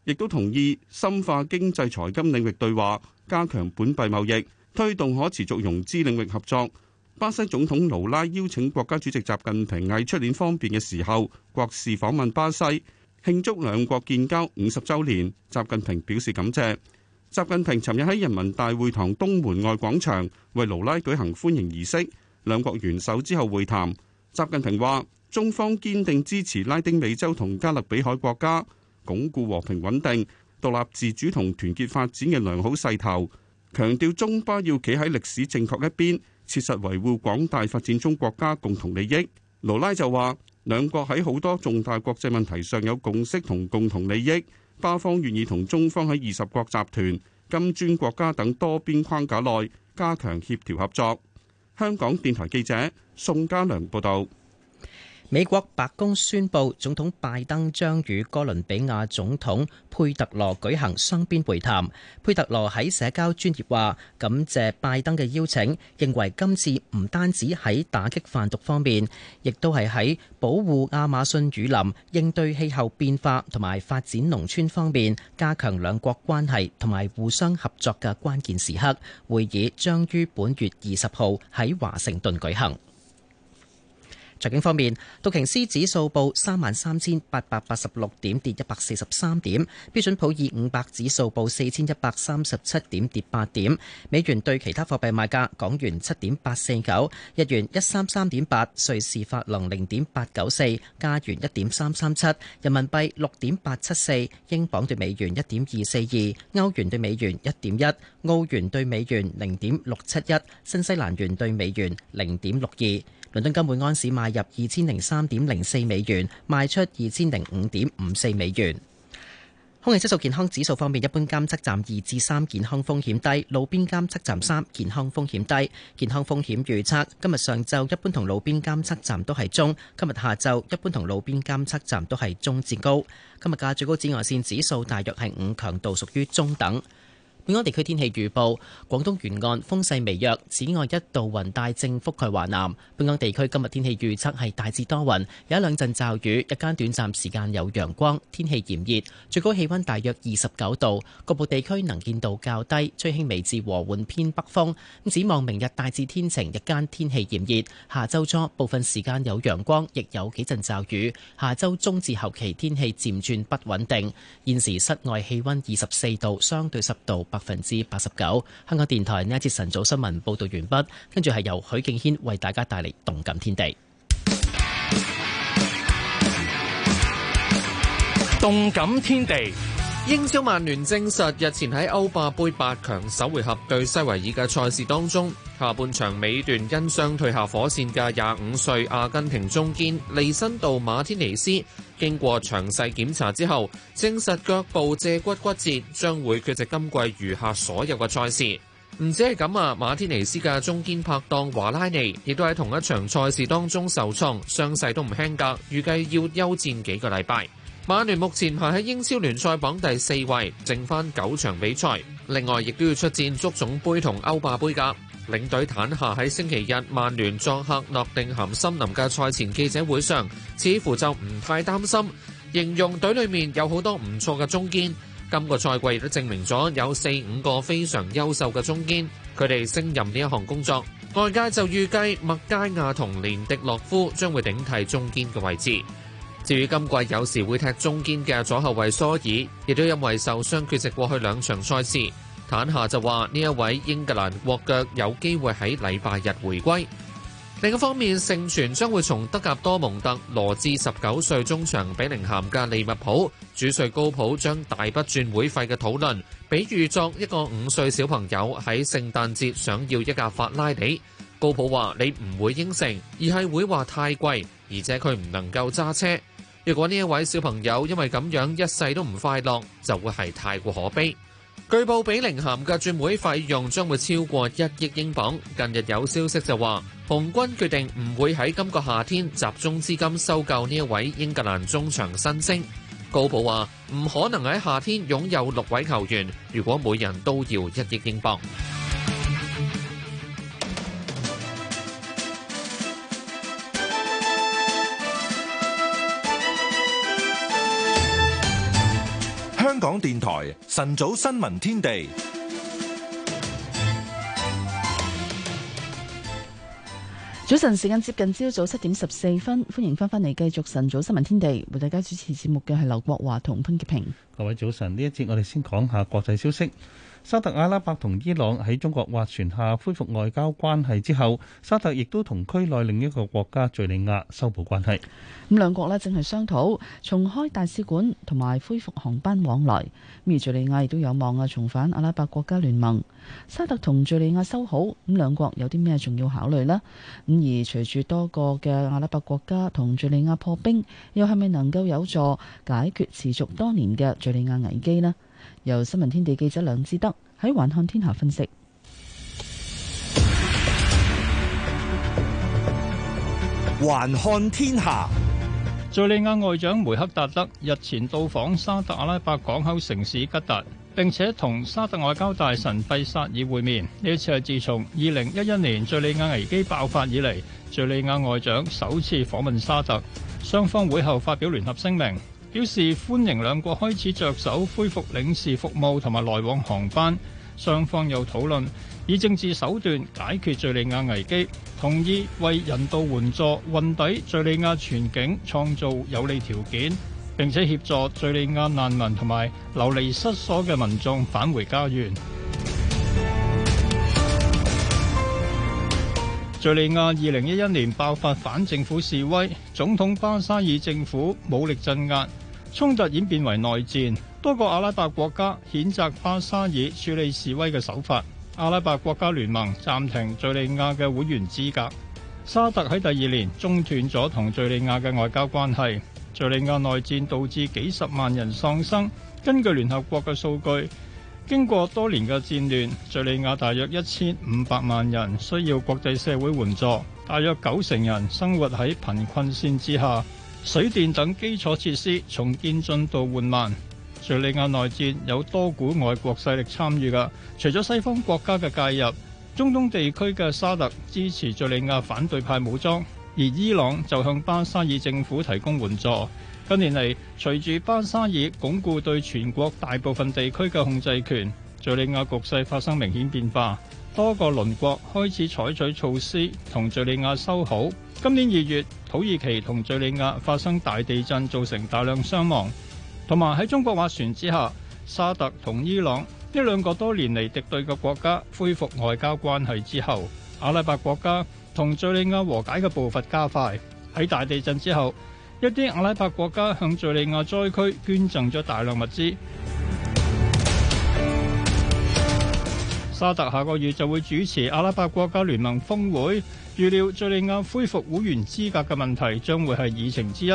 亦都同意深化經濟財金領域對話。加強本幣貿易，推動可持續融資領域合作。巴西總統盧拉邀請國家主席習近平喺出年方便嘅時候，國事訪問巴西，慶祝兩國建交五十週年。習近平表示感謝。習近平尋日喺人民大會堂東門外廣場為盧拉舉行歡迎儀式，兩國元首之後會談。習近平話：中方堅定支持拉丁美洲同加勒比海國家鞏固和平穩定。獨立自主同團結發展嘅良好勢頭，強調中巴要企喺歷史正確一邊，切實維護廣大發展中國家共同利益。盧拉就話，兩國喺好多重大國際問題上有共識同共同利益，巴方願意同中方喺二十國集團、金磚國家等多邊框架內加強協調合作。香港電台記者宋家良報道。美國白宮宣布，總統拜登將與哥倫比亞總統佩特羅舉行雙邊會談。佩特羅喺社交專頁話，感謝拜登嘅邀請，認為今次唔單止喺打擊販毒方面，亦都係喺保護亞馬遜雨林、應對氣候變化同埋發展農村方面加強兩國關係同埋互相合作嘅關鍵時刻。會議將於本月二十號喺華盛頓舉行。財經方面，道瓊斯指數報三萬三千八百八十六點，跌一百四十三點。標準普爾五百指數報四千一百三十七點，跌八點。美元對其他貨幣賣價：港元七點八四九，日元一三三點八，瑞士法郎零點八九四，加元一點三三七，人民幣六點八七四，英鎊對美元一點二四二，歐元對美元一點一，澳元對美元零點六七一，新西蘭元對美元零點六二。倫敦金每安士買入二千零三點零四美元，賣出二千零五點五四美元。空氣質素健康指數方面，一般監測站二至三，健康風險低；路邊監測站三，健康風險低。健康風險預測，今日上晝一般同路邊監測站都係中，今日下晝一般同路邊監測站都係中至高。今日嘅最高紫外線指數大約係五，強度屬於中等。本港地區天氣預報，廣東沿岸風勢微弱，此外一道雲帶正覆蓋華南。本港地區今日天氣預測係大致多雲，有一兩陣驟雨，日間短暫時間有陽光，天氣炎熱，最高氣溫大約二十九度。局部地區能見度較低，吹輕微至和緩偏北風。咁展望明日大致天晴，日間天氣炎熱，下週初部分時間有陽光，亦有幾陣驟雨。下周中至後期天氣漸轉不穩定。現時室外氣溫二十四度，相對濕度百分之八十九。香港電台呢一次晨早新聞報道完畢，跟住係由許敬軒為大家帶嚟動感天地。動感天地。英超曼聯證實，日前喺歐霸杯八強首回合對西維爾嘅賽事當中，下半場尾段因傷退下火線嘅廿五歲阿根廷中堅利辛度馬天尼斯，經過詳細檢查之後，證實腳部借骨骨折，將會缺席今季餘下所有嘅賽事。唔止係咁啊，馬天尼斯嘅中堅拍檔華拉尼，亦都喺同一場賽事當中受創，傷勢都唔輕噶，預計要休戰幾個禮拜。曼聯目前排喺英超聯賽榜第四位，剩翻九場比賽，另外亦都要出戰足總盃同歐霸盃噶。領隊坦夏喺星期日曼聯作客諾定咸森林嘅賽前記者會上，似乎就唔太擔心，形容隊裏面有好多唔錯嘅中堅，今個賽季都證明咗有四五個非常優秀嘅中堅，佢哋升任呢一項工作。外界就預計麥加亞同連迪洛夫將會頂替中堅嘅位置。至於今季有時會踢中堅嘅左後衛蘇爾，亦都因為受傷缺席過去兩場賽事。坦下就話呢一位英格蘭國腳有機會喺禮拜日回歸。另一方面，盛傳將會從德甲多蒙特羅致十九歲中場比寧咸嘅利物浦主帥高普將大筆轉會費嘅討論，比喻作一個五歲小朋友喺聖誕節想要一架法拉利。高普話：你唔會應承，而係會話太貴，而且佢唔能夠揸車。如果呢一位小朋友因為咁樣一世都唔快樂，就會係太過可悲。據報比寧咸嘅轉會費用將會超過一億英鎊。近日有消息就話，紅軍決定唔會喺今個夏天集中資金收購呢一位英格蘭中場新星。高普話唔可能喺夏天擁有六位球員，如果每人都要一億英鎊。香港電台晨早新聞天地。早晨，時間接近朝早七點十四分，歡迎翻返嚟繼續晨早新聞天地。為大家主持節目嘅係劉國華同潘潔平。各位早晨，呢一節我哋先講下國際消息。沙特阿拉伯同伊朗喺中國斡旋下恢復外交關係之後，沙特亦都同區內另一個國家敘利亞修補關係。咁兩國呢正係商討重開大使館同埋恢復航班往來。而敘利亞亦都有望啊重返阿拉伯國家聯盟。沙特同敘利亞修好，咁兩國有啲咩重要考慮呢？咁而隨住多個嘅阿拉伯國家同敘利亞破冰，又係咪能夠有助解決持續，持續多年嘅敘利亞危機呢？由新聞天地記者梁志德喺《環看天下》分析，《環看天下》。敘利亞外長梅克達德日前到訪沙特阿拉伯港口城市吉達，並且同沙特外交大臣費薩爾會面。呢次係自從二零一一年敘利亞危機爆發以嚟，敘利亞外長首次訪問沙特。雙方會後發表聯合聲明。表示歡迎兩國開始着手恢復領事服務同埋來往航班。雙方又討論以政治手段解決敘利亞危機，同意為人道援助運抵敘利亞全境創造有利條件，並且協助敘利亞難民同埋流離失所嘅民眾返回家園。敘利亞二零一一年爆發反政府示威，總統巴沙爾政府武力鎮壓。衝突演變為內戰，多個阿拉伯國家譴責巴沙爾處理示威嘅手法。阿拉伯國家聯盟暫停敘利亞嘅會員資格。沙特喺第二年中斷咗同敘利亞嘅外交關係。敘利亞內戰導致幾十萬人喪生。根據聯合國嘅數據，經過多年嘅戰亂，敘利亞大約一千五百萬人需要國際社會援助，大約九成人生活喺貧困線之下。水電等基礎設施重建進度緩慢。敘利亞內戰有多股外國勢力參與噶，除咗西方國家嘅介入，中東地區嘅沙特支持敘利亞反對派武裝，而伊朗就向巴沙爾政府提供援助。近年嚟，隨住巴沙爾鞏固對全國大部分地區嘅控制權，敘利亞局勢發生明顯變化，多個鄰國開始採取措施同敘利亞修好。今年二月，土耳其同敘利亞發生大地震，造成大量傷亡。同埋喺中國斡旋之下，沙特同伊朗呢兩個多年嚟敵對嘅國家恢復外交關係之後，阿拉伯國家同敘利亞和解嘅步伐加快。喺大地震之後，一啲阿拉伯國家向敘利亞災區捐贈咗大量物資。沙特下個月就會主持阿拉伯國家聯盟峰會。預料敍利亞恢復會員資格嘅問題將會係議程之一。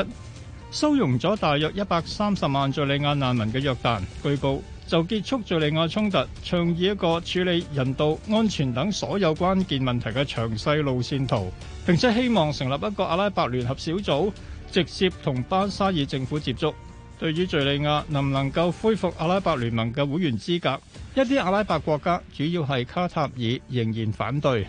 收容咗大約一百三十萬敍利亞難民嘅約旦據報就結束敍利亞衝突，倡議一個處理人道安全等所有關鍵問題嘅詳細路線圖。並且希望成立一個阿拉伯聯合小組，直接同巴沙爾政府接觸。對於敍利亞能唔能夠恢復阿拉伯聯盟嘅會員資格，一啲阿拉伯國家，主要係卡塔爾，仍然反對。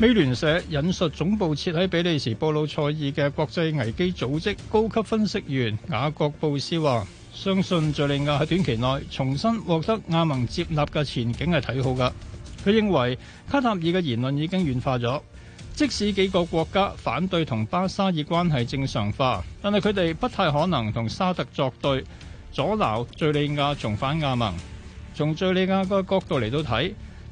美聯社引述總部設喺比利時布魯塞爾嘅國際危機組織高級分析員雅各布斯話，相信敘利亞喺短期內重新獲得亞盟接納嘅前景係睇好噶。佢認為卡塔爾嘅言論已經軟化咗，即使幾個國家反對同巴沙爾關係正常化，但係佢哋不太可能同沙特作對，阻撓敘利亞重返亞盟。從敘利亞個角度嚟到睇。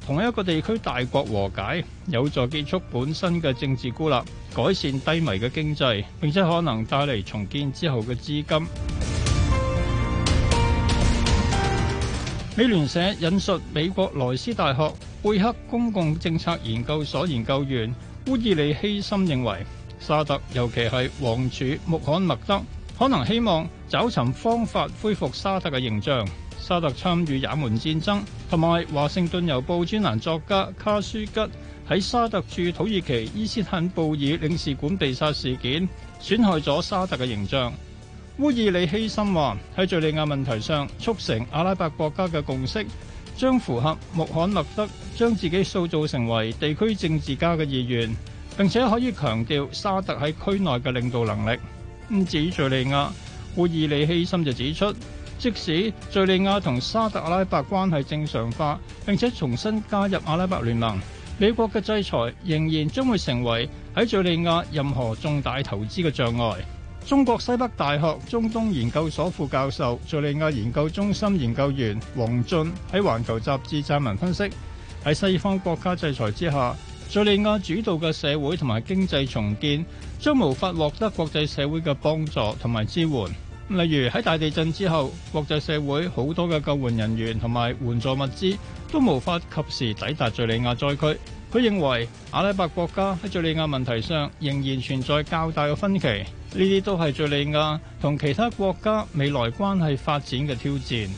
同一個地區大國和解有助結束本身嘅政治孤立，改善低迷嘅經濟，並且可能帶嚟重建之後嘅資金。美聯社引述美國萊斯大學貝克公共政策研究所研究員烏爾里希森認為，沙特尤其係王儲穆罕默德可能希望找尋方法恢復沙特嘅形象。沙特參與也門戰爭，同埋華盛頓郵報專欄作家卡舒吉喺沙特駐土耳其伊斯坦布爾領事館被殺事件，損害咗沙特嘅形象。烏爾里希森話喺敘利亞問題上促成阿拉伯國家嘅共識，將符合穆罕默德將自己塑造成為地區政治家嘅意願，並且可以強調沙特喺區內嘅領導能力。至於敘利亞，烏爾里希森就指出。即使敘利亞同沙特阿拉伯關係正常化，並且重新加入阿拉伯聯盟，美國嘅制裁仍然將會成為喺敘利亞任何重大投資嘅障礙。中國西北大學中東研究所副教授、敘利亞研究中心研究員王俊喺《環球雜誌》撰文分析：喺西方國家制裁之下，敘利亞主導嘅社會同埋經濟重建將無法獲得國際社會嘅幫助同埋支援。例如喺大地震之後，國際社會好多嘅救援人員同埋援助物資都無法及時抵達敘利亞災區，佢認為阿拉伯國家喺敘利亞問題上仍然存在較大嘅分歧，呢啲都係敘利亞同其他國家未來關係發展嘅挑戰。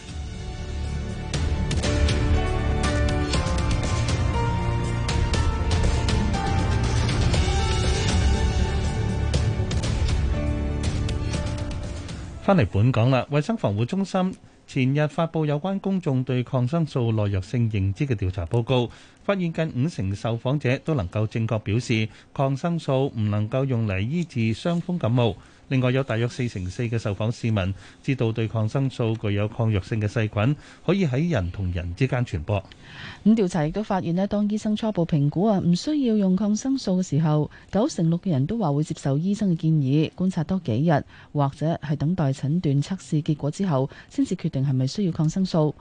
翻嚟本港啦，衞生防護中心前日發布有關公眾對抗生素耐藥性認知嘅調查報告，發現近五成受訪者都能夠正確表示抗生素唔能夠用嚟醫治傷風感冒。另外有大約四成四嘅受訪市民知道對抗生素具有抗藥性嘅細菌可以喺人同人之間傳播。咁調查亦都發現呢，當醫生初步評估啊，唔需要用抗生素嘅時候，九成六嘅人都話會接受醫生嘅建議，觀察多幾日，或者係等待診斷測試結果之後，先至決定係咪需要抗生素。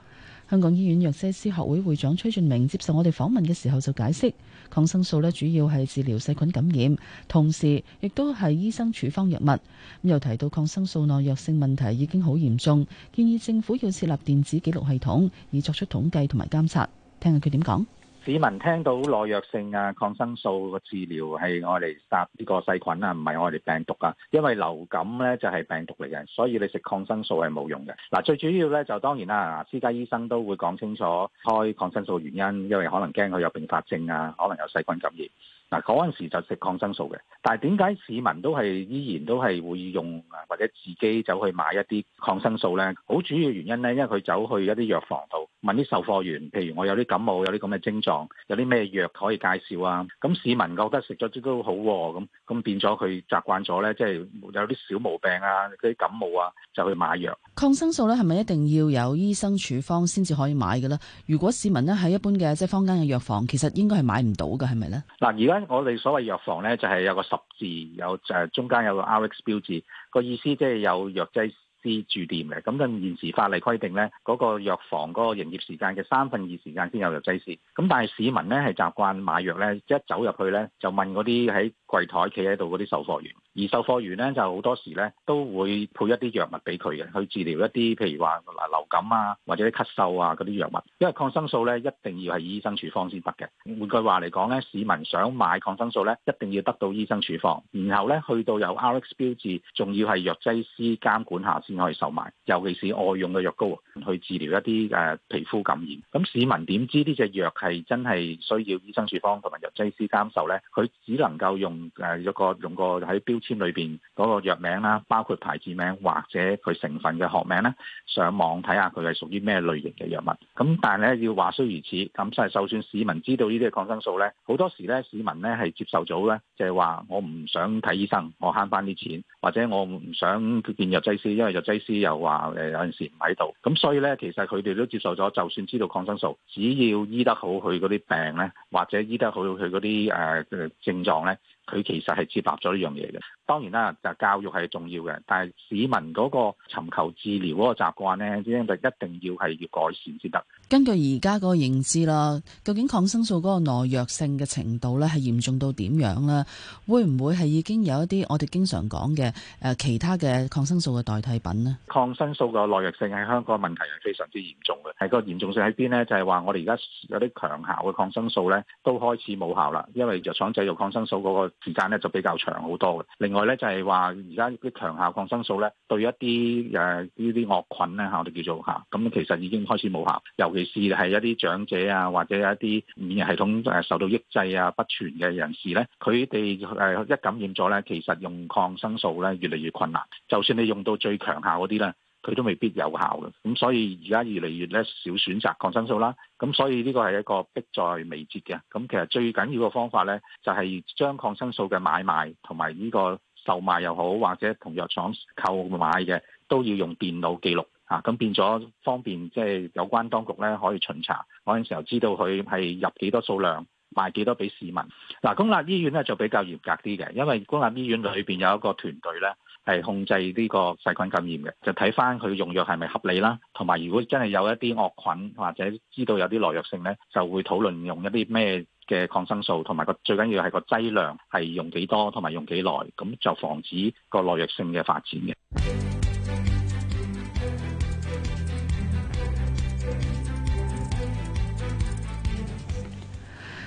香港醫院藥劑師學會會長崔俊明接受我哋訪問嘅時候就解釋，抗生素呢主要係治療細菌感染，同時亦都係醫生處方藥物。咁又提到抗生素耐藥性問題已經好嚴重，建議政府要設立電子記錄系統，以作出統計同埋監察。聽下佢點講。市民聽到耐藥性啊、抗生素個治療係用嚟殺呢個細菌啊，唔係用嚟病毒啊。因為流感咧就係病毒嚟嘅，所以你食抗生素係冇用嘅。嗱，最主要咧就當然啦，私家醫生都會講清楚開抗生素嘅原因，因為可能驚佢有併發症啊，可能有細菌感染。嗱，嗰陣時就食抗生素嘅。但係點解市民都係依然都係會用或者自己走去買一啲抗生素咧？好主要原因咧，因為佢走去一啲藥房度問啲售貨員，譬如我有啲感冒，有啲咁嘅症狀。有啲咩藥可以介紹啊？咁市民覺得食咗都好咁，咁變咗佢習慣咗咧，即係有啲小毛病啊，嗰啲感冒啊，就去買藥。抗生素咧係咪一定要有醫生處方先至可以買嘅咧？如果市民咧喺一般嘅即係坊間嘅藥房，其實應該係買唔到嘅，係咪咧？嗱，而家我哋所謂藥房咧，就係有個十字，有就係中間有個 Rx 標誌，個意思即係有藥劑。住店嘅，咁就現時法例規定咧，嗰個藥房嗰個營業時間嘅三分二時間先有藥劑師咁，但係市民咧係習慣買藥咧，一走入去咧就問嗰啲喺櫃台企喺度嗰啲售貨員。而售貨員咧就好多時咧都會配一啲藥物俾佢嘅，去治療一啲譬如話嗱流感啊或者啲咳嗽啊嗰啲藥物，因為抗生素咧一定要係醫生處方先得嘅。換句話嚟講咧，市民想買抗生素咧，一定要得到醫生處方，然後咧去到有 RX 標誌，仲要係藥劑師監管下先可以售賣，尤其是外用嘅藥膏去治療一啲誒皮膚感染。咁市民點知呢隻藥係真係需要醫生處方同埋藥劑師監售咧？佢只能夠用誒一個用個喺標。裏邊嗰個藥名啦，包括牌子名或者佢成分嘅學名咧，上網睇下佢係屬於咩類型嘅藥物。咁但係咧，要話雖如此，咁但係就算市民知道呢啲嘅抗生素咧，好多時咧市民咧係接受咗咧，就係話我唔想睇醫生，我慳翻啲錢，或者我唔想見藥劑師，因為藥劑師又話誒有陣時唔喺度。咁所以咧，其實佢哋都接受咗，就算知道抗生素，只要醫得好佢嗰啲病咧，或者醫得好佢嗰啲誒症狀咧。佢其實係接納咗呢樣嘢嘅，當然啦，就教育係重要嘅，但係市民嗰個尋求治療嗰個習慣咧，就一定要係要改善先得。根據而家嗰個認知啦，究竟抗生素嗰個耐藥性嘅程度咧，係嚴重到點樣呢？會唔會係已經有一啲我哋經常講嘅誒其他嘅抗生素嘅代替品呢？抗生素個耐藥性喺香港問題係非常之嚴重嘅，係個嚴重性喺邊呢？就係話我哋而家有啲強效嘅抗生素呢都開始冇效啦，因為藥廠製造抗生素嗰個。時間咧就比較長好多嘅，另外咧就係話而家啲強效抗生素咧對一啲誒呢啲惡菌咧嚇、啊，我哋叫做嚇，咁、啊、其實已經開始冇效，尤其是係一啲長者啊，或者一啲免疫系統誒受到抑制啊不全嘅人士咧，佢哋誒一感染咗咧，其實用抗生素咧越嚟越困難，就算你用到最強效嗰啲咧。佢都未必有效嘅，咁所以而家越嚟越咧少選擇抗生素啦，咁所以呢個係一個迫在眉睫嘅，咁其實最緊要嘅方法咧就係將抗生素嘅買賣同埋呢個售賣又好，或者同藥廠購買嘅都要用電腦記錄啊，咁變咗方便即係有關當局咧可以巡查嗰陣時候知道佢係入幾多數量賣幾多俾市民。嗱，公立醫院咧就比較嚴格啲嘅，因為公立醫院裏邊有一個團隊咧。係控制呢個細菌感染嘅，就睇翻佢用藥係咪合理啦，同埋如果真係有一啲惡菌或者知道有啲耐藥性呢，就會討論用一啲咩嘅抗生素，同埋個最緊要係個劑量係用幾多，同埋用幾耐，咁就防止個耐藥性嘅發展嘅。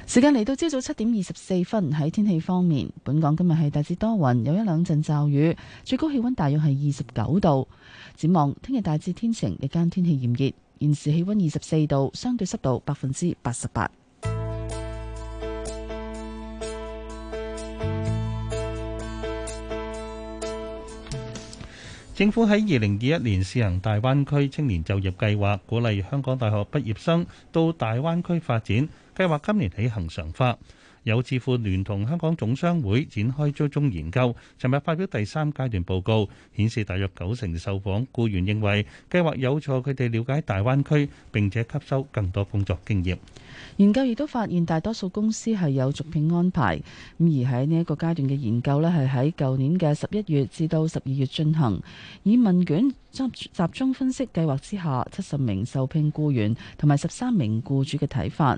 時間嚟到朝早七點二十四分。喺天氣方面，本港今日係大致多雲，有一兩陣驟雨，最高氣溫大約係二十九度。展望聽日大致天晴，日間天氣炎熱。現時氣溫二十四度，相對濕度百分之八十八。政府喺二零二一年試行大灣區青年就業計劃，鼓勵香港大學畢業生到大灣區發展。計劃今年起恆常化，有智庫聯同香港總商會展開追蹤研究，尋日發表第三階段報告，顯示大約九成受訪僱員認為計劃有助佢哋了解大灣區，並且吸收更多工作經驗。研究亦都發現，大多數公司係有續聘安排。咁而喺呢一個階段嘅研究咧，係喺舊年嘅十一月至到十二月進行，以問卷集集中分析計劃之下七十名受聘僱員同埋十三名僱主嘅睇法。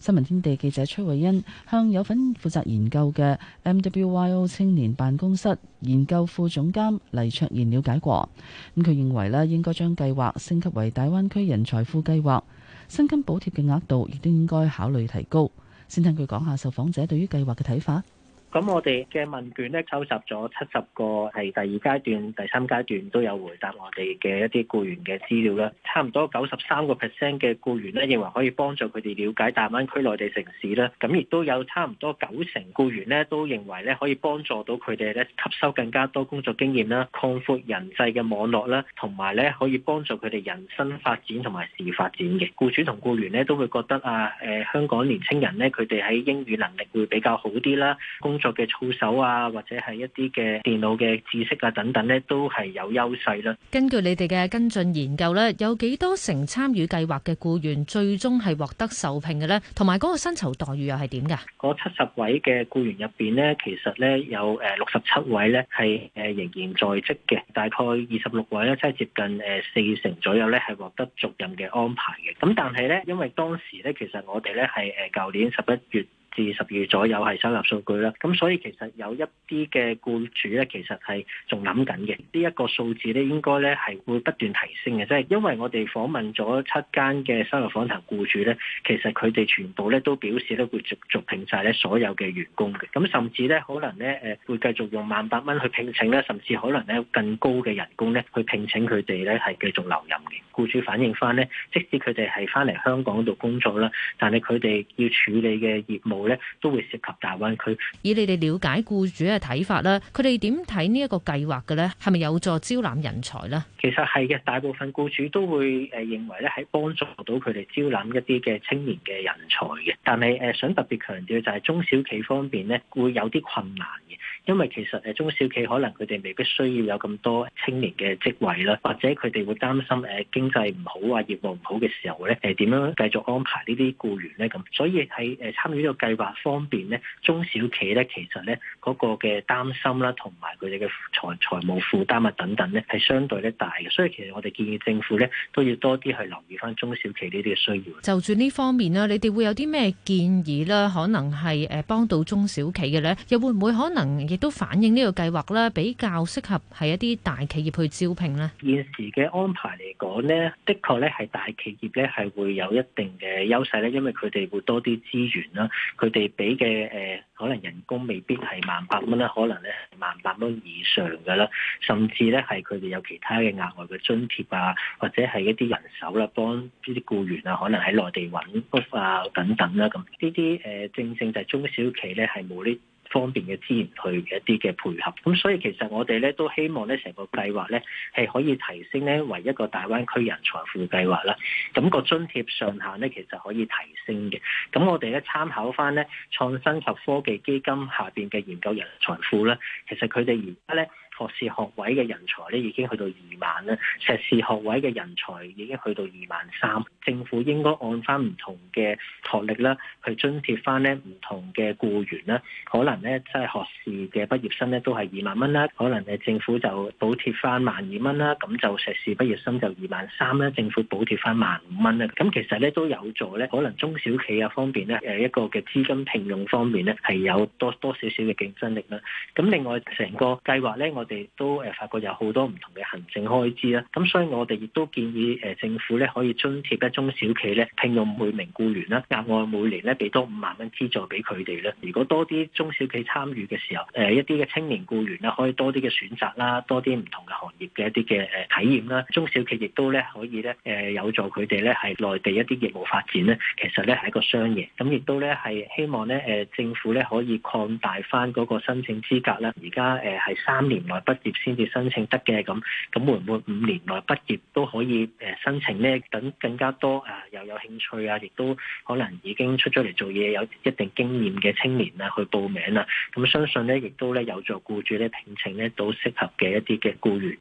新聞天地記者崔慧欣向有份負責研究嘅 MWYO 青年辦公室研究副總監黎卓賢了解過，咁佢認為咧應該將計劃升級為大灣區人才庫計劃，薪金補貼嘅額度亦都應該考慮提高。先聽佢講下受訪者對於計劃嘅睇法。咁我哋嘅問卷咧，收集咗七十個係第二階段、第三階段都有回答我哋嘅一啲僱員嘅資料啦。差唔多九十三個 percent 嘅僱員咧，認為可以幫助佢哋了解大灣區內地城市啦。咁亦都有差唔多九成僱員咧，都認為咧可以幫助到佢哋咧吸收更加多工作經驗啦、擴闊人際嘅網絡啦，同埋咧可以幫助佢哋人生發展同埋事業發展嘅。僱主同僱員咧都會覺得啊，誒、呃、香港年青人咧，佢哋喺英語能力會比較好啲啦。工工作嘅操守啊，或者係一啲嘅電腦嘅知識啊等等咧，都係有優勢啦。根據你哋嘅跟進研究咧，有幾多成參與計劃嘅僱員最終係獲得受聘嘅咧？同埋嗰個薪酬待遇又係點噶？嗰七十位嘅僱員入邊咧，其實咧有誒六十七位咧係誒仍然在職嘅，大概二十六位咧，即係接近誒四成左右咧係獲得續任嘅安排嘅。咁但係咧，因為當時咧，其實我哋咧係誒舊年十一月。至十二月左右係收入數據啦，咁所以其實有一啲嘅僱主咧，其實係仲諗緊嘅。呢一個數字咧，應該咧係會不斷提升嘅，即係因為我哋訪問咗七間嘅收入訪談僱主咧，其實佢哋全部咧都表示咧會續續聘晒咧，所有嘅員工嘅。咁甚至咧可能咧誒會繼續用萬八蚊去聘請咧，甚至可能咧更高嘅人工咧去聘請佢哋咧係繼續留任嘅。僱主反映翻咧，即使佢哋係翻嚟香港度工作啦，但係佢哋要處理嘅業務。都會涉及大灣區。以你哋了解僱主嘅睇法咧，佢哋點睇呢一個計劃嘅咧，係咪有助招攬人才咧？其實係嘅，大部分僱主都會誒認為咧，係幫助到佢哋招攬一啲嘅青年嘅人才嘅。但係誒，想特別強調就係中小企方面咧，會有啲困難嘅。因為其實誒中小企可能佢哋未必需要有咁多青年嘅職位啦，或者佢哋會擔心誒經濟唔好啊、業務唔好嘅時候咧，誒、呃、點樣繼續安排雇呢啲僱員咧咁，所以喺誒參與呢個計劃方面咧，中小企咧其實咧嗰、嗰個嘅擔心啦，同埋佢哋嘅財財務負擔啊等等咧，係相對咧大嘅，所以其實我哋建議政府咧都要多啲去留意返中小企呢啲嘅需要。就住呢方面啦，你哋會有啲咩建議啦？可能係誒幫到中小企嘅咧，又會唔會可能？都反映呢個計劃啦，比較適合係一啲大企業去招聘啦。現時嘅安排嚟講呢，的確咧係大企業呢係會有一定嘅優勢呢，因為佢哋會多啲資源啦，佢哋俾嘅誒可能人工未必係萬百蚊啦，可能呢萬百蚊以上噶啦，甚至呢係佢哋有其他嘅額外嘅津貼啊，或者係一啲人手啦，幫呢啲僱員啊，可能喺內地揾屋啊等等啦，咁呢啲誒正正就係中小企呢係冇呢。方便嘅資源去一啲嘅配合，咁所以其實我哋咧都希望咧成個計劃咧係可以提升咧為一個大灣區人才庫計劃啦，咁個津貼上限咧其實可以提升嘅，咁我哋咧參考翻咧創新及科技基金下邊嘅研究人才庫啦。其實佢哋而家咧。學士學位嘅人才咧已經去到二萬啦，碩士學位嘅人才已經去到二萬三。萬3，政府應該按翻唔同嘅學歷啦，去津貼翻咧唔同嘅雇員啦。可能咧即係學士嘅畢業生咧都係二萬蚊啦，可能誒政府就補貼翻萬二蚊啦，咁就碩士畢業生就二萬三啦。政府補貼翻萬五蚊啦。咁其實咧都有助咧，可能中小企啊方面咧誒一個嘅資金聘用方面咧係有多多少少嘅競爭力啦。咁另外成個計劃咧我。我哋都誒發覺有好多唔同嘅行政開支啦，咁所以我哋亦都建議誒政府咧可以津貼一中小企咧聘用每名僱員啦，額外每年咧俾多五萬蚊資助俾佢哋咧。如果多啲中小企參與嘅時候，誒一啲嘅青年僱員啦，可以多啲嘅選擇啦，多啲唔同嘅行業嘅一啲嘅誒體驗啦。中小企亦都咧可以咧誒有助佢哋咧係內地一啲業務發展咧，其實咧係一個商業，咁亦都咧係希望咧誒政府咧可以擴大翻嗰個申請資格啦。而家誒係三年內。畢業先至申請得嘅，咁咁會唔會五年內畢業都可以誒申請呢？等更加多誒又有興趣啊，亦都可能已經出咗嚟做嘢有一定經驗嘅青年啦，去報名啦。咁相信呢，亦都咧有助僱主咧聘請呢到適合嘅一啲嘅僱員。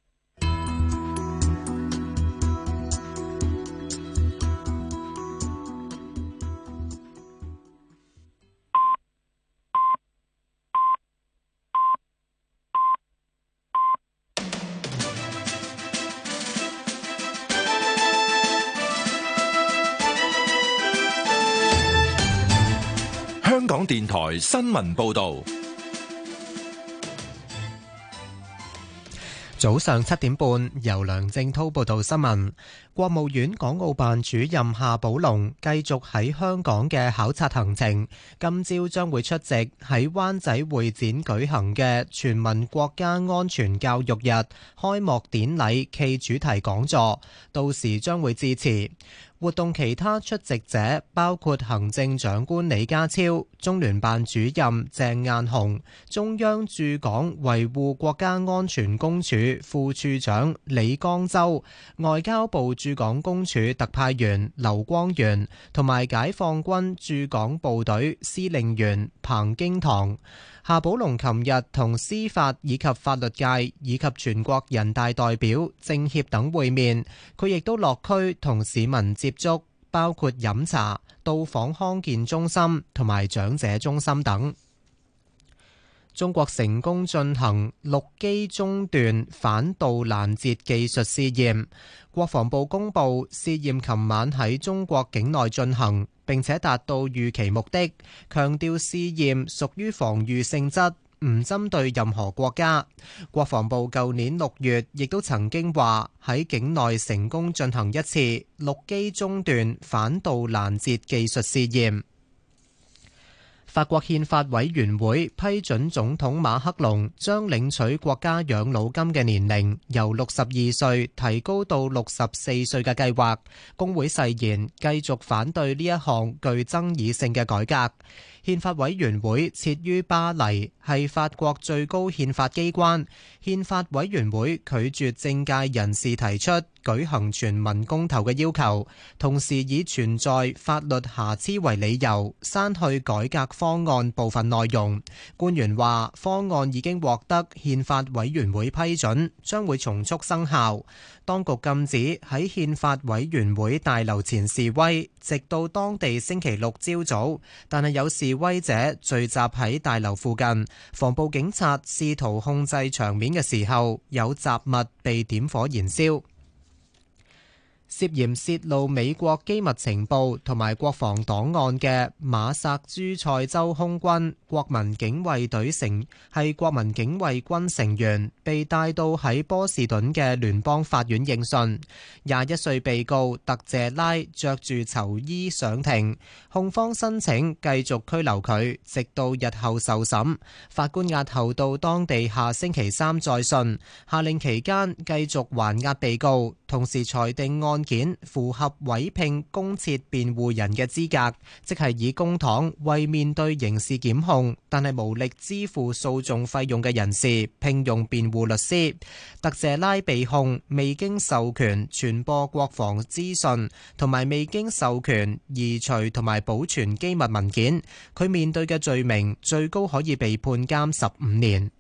香港電台新聞報道，早上七點半由梁正濤報道新聞。國務院港澳辦主任夏寶龍繼續喺香港嘅考察行程，今朝將會出席喺灣仔會展舉行嘅全民國家安全教育日開幕典禮暨主題講座，到時將會致辭。活動其他出席者包括行政長官李家超、中聯辦主任鄭雁雄、中央駐港維護國家安全公署副署長李江舟、外交部駐港公署特派員劉光源同埋解放軍駐港部隊司令員彭京堂。夏寶龍琴日同司法以及法律界以及全國人大代表、政協等會面，佢亦都落區同市民接觸，包括飲茶、到訪康健中心同埋長者中心等。中國成功進行陸基中段反導攔截技術試驗。國防部公布試驗，琴晚喺中國境內進行，並且達到預期目的。強調試驗屬於防御性質，唔針對任何國家。國防部舊年六月亦都曾經話喺境內成功進行一次陸基中段反導攔截技術試驗。法國憲法委員會批准總統馬克龍將領取國家養老金嘅年齡由六十二歲提高到六十四歲嘅計劃，工會誓言繼續反對呢一項具爭議性嘅改革。憲法委員會設於巴黎，係法國最高憲法機關。憲法委員會拒絕政界人士提出舉行全民公投嘅要求，同時以存在法律瑕疵為理由，刪去改革方案部分內容。官員話，方案已經獲得憲法委員會批准，將會從速生效。當局禁止喺憲法委員會大樓前示威，直到當地星期六朝早。但係有示威者聚集喺大樓附近，防暴警察試圖控制場面嘅時候，有雜物被點火燃燒。涉嫌泄露美國機密情報同埋國防檔案嘅馬薩諸塞州空軍國民警衛隊成係國民警衛軍成員，被帶到喺波士頓嘅聯邦法院應訊。廿一歲被告特謝拉着住囚衣上庭，控方申請繼續拘留佢，直到日後受審。法官押後到當地下星期三再訊，下令期間繼續還押被告。同時裁定案件符合委聘公設辯護人嘅資格，即係以公帑為面對刑事檢控，但係無力支付訴訟費用嘅人士聘用辯護律師。特謝拉被控未經授權傳播國防資訊，同埋未經授權移除同埋保存機密文件，佢面對嘅罪名最高可以被判監十五年。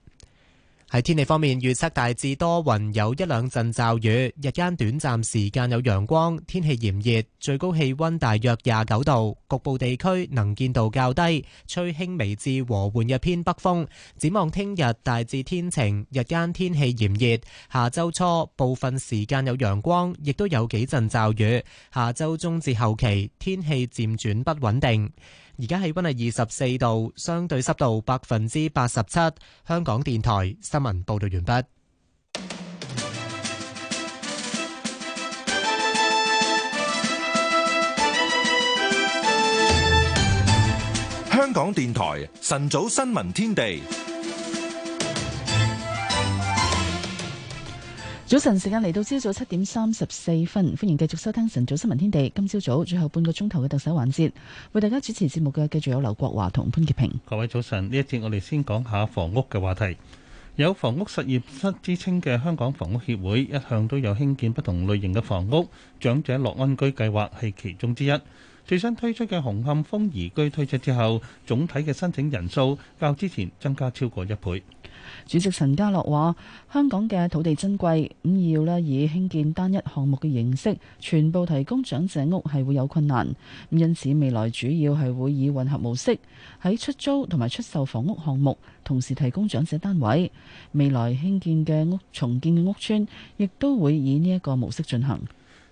喺天氣方面，預測大致多雲，有一兩陣驟雨，日間短暫時間有陽光，天氣炎熱，最高氣温大約廿九度，局部地區能見度較低，吹輕微至和緩嘅偏北風。展望聽日大致天晴，日間天氣炎熱，下周初部分時間有陽光，亦都有幾陣驟雨，下周中至後期天氣漸轉不穩定。而家氣溫係二十四度，相對濕度百分之八十七。香港電台新聞報道完畢。香港電台晨早新聞天地。早晨，時間嚟到朝早七點三十四分，歡迎繼續收聽晨早新聞天地。今朝早，早最後半個鐘頭嘅特首環節，為大家主持節目嘅繼續有劉國華同潘潔平。各位早晨，呢一節我哋先講下房屋嘅話題。有房屋實驗室之稱嘅香港房屋協會一向都有興建不同類型嘅房屋，長者樂安居計劃係其中之一。最新推出嘅紅磡豐頤居推出之後，總體嘅申請人數較之前增加超過一倍。主席陳家樂話：香港嘅土地珍貴，咁要呢以興建單一項目嘅形式，全部提供長者屋係會有困難。因此，未來主要係會以混合模式，喺出租同埋出售房屋項目，同時提供長者單位。未來興建嘅屋重建嘅屋邨，亦都會以呢一個模式進行。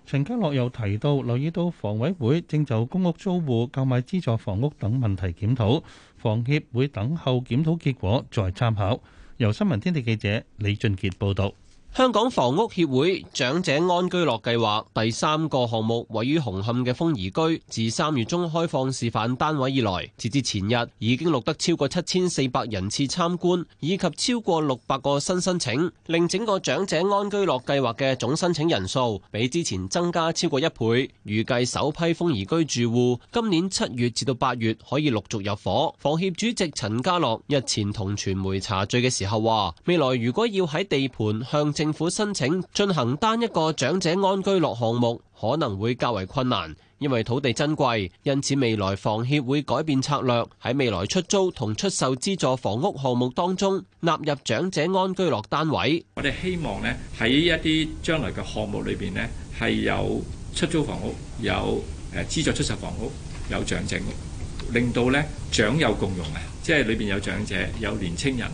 陳家樂又提到，留意到房委會正就公屋租戶購買資助房屋等問題檢討，房協會等候檢討結果再參考。由新聞天地記者李俊杰報道。香港房屋協會長者安居樂計劃第三個項目位於紅磡嘅豐怡居，自三月中開放示範單位以來，截至前日已經錄得超過七千四百人次參觀，以及超過六百個新申請，令整個長者安居樂計劃嘅總申請人數比之前增加超過一倍。預計首批豐怡居住戶今年七月至到八月可以陸續入伙，房協主席陳家樂日前同傳媒查聚嘅時候話，未來如果要喺地盤向正政府申請進行單一個長者安居樂項目可能會較為困難，因為土地珍貴，因此未來房協會改變策略，喺未來出租同出售資助房屋項目當中納入長者安居樂單位。我哋希望呢，喺一啲將來嘅項目裏邊呢係有出租房屋，有誒資助出售房屋，有長者屋，令到呢長幼共用啊！即係裏邊有長者，有年青人，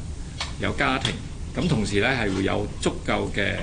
有家庭。咁同時咧，係會有足夠嘅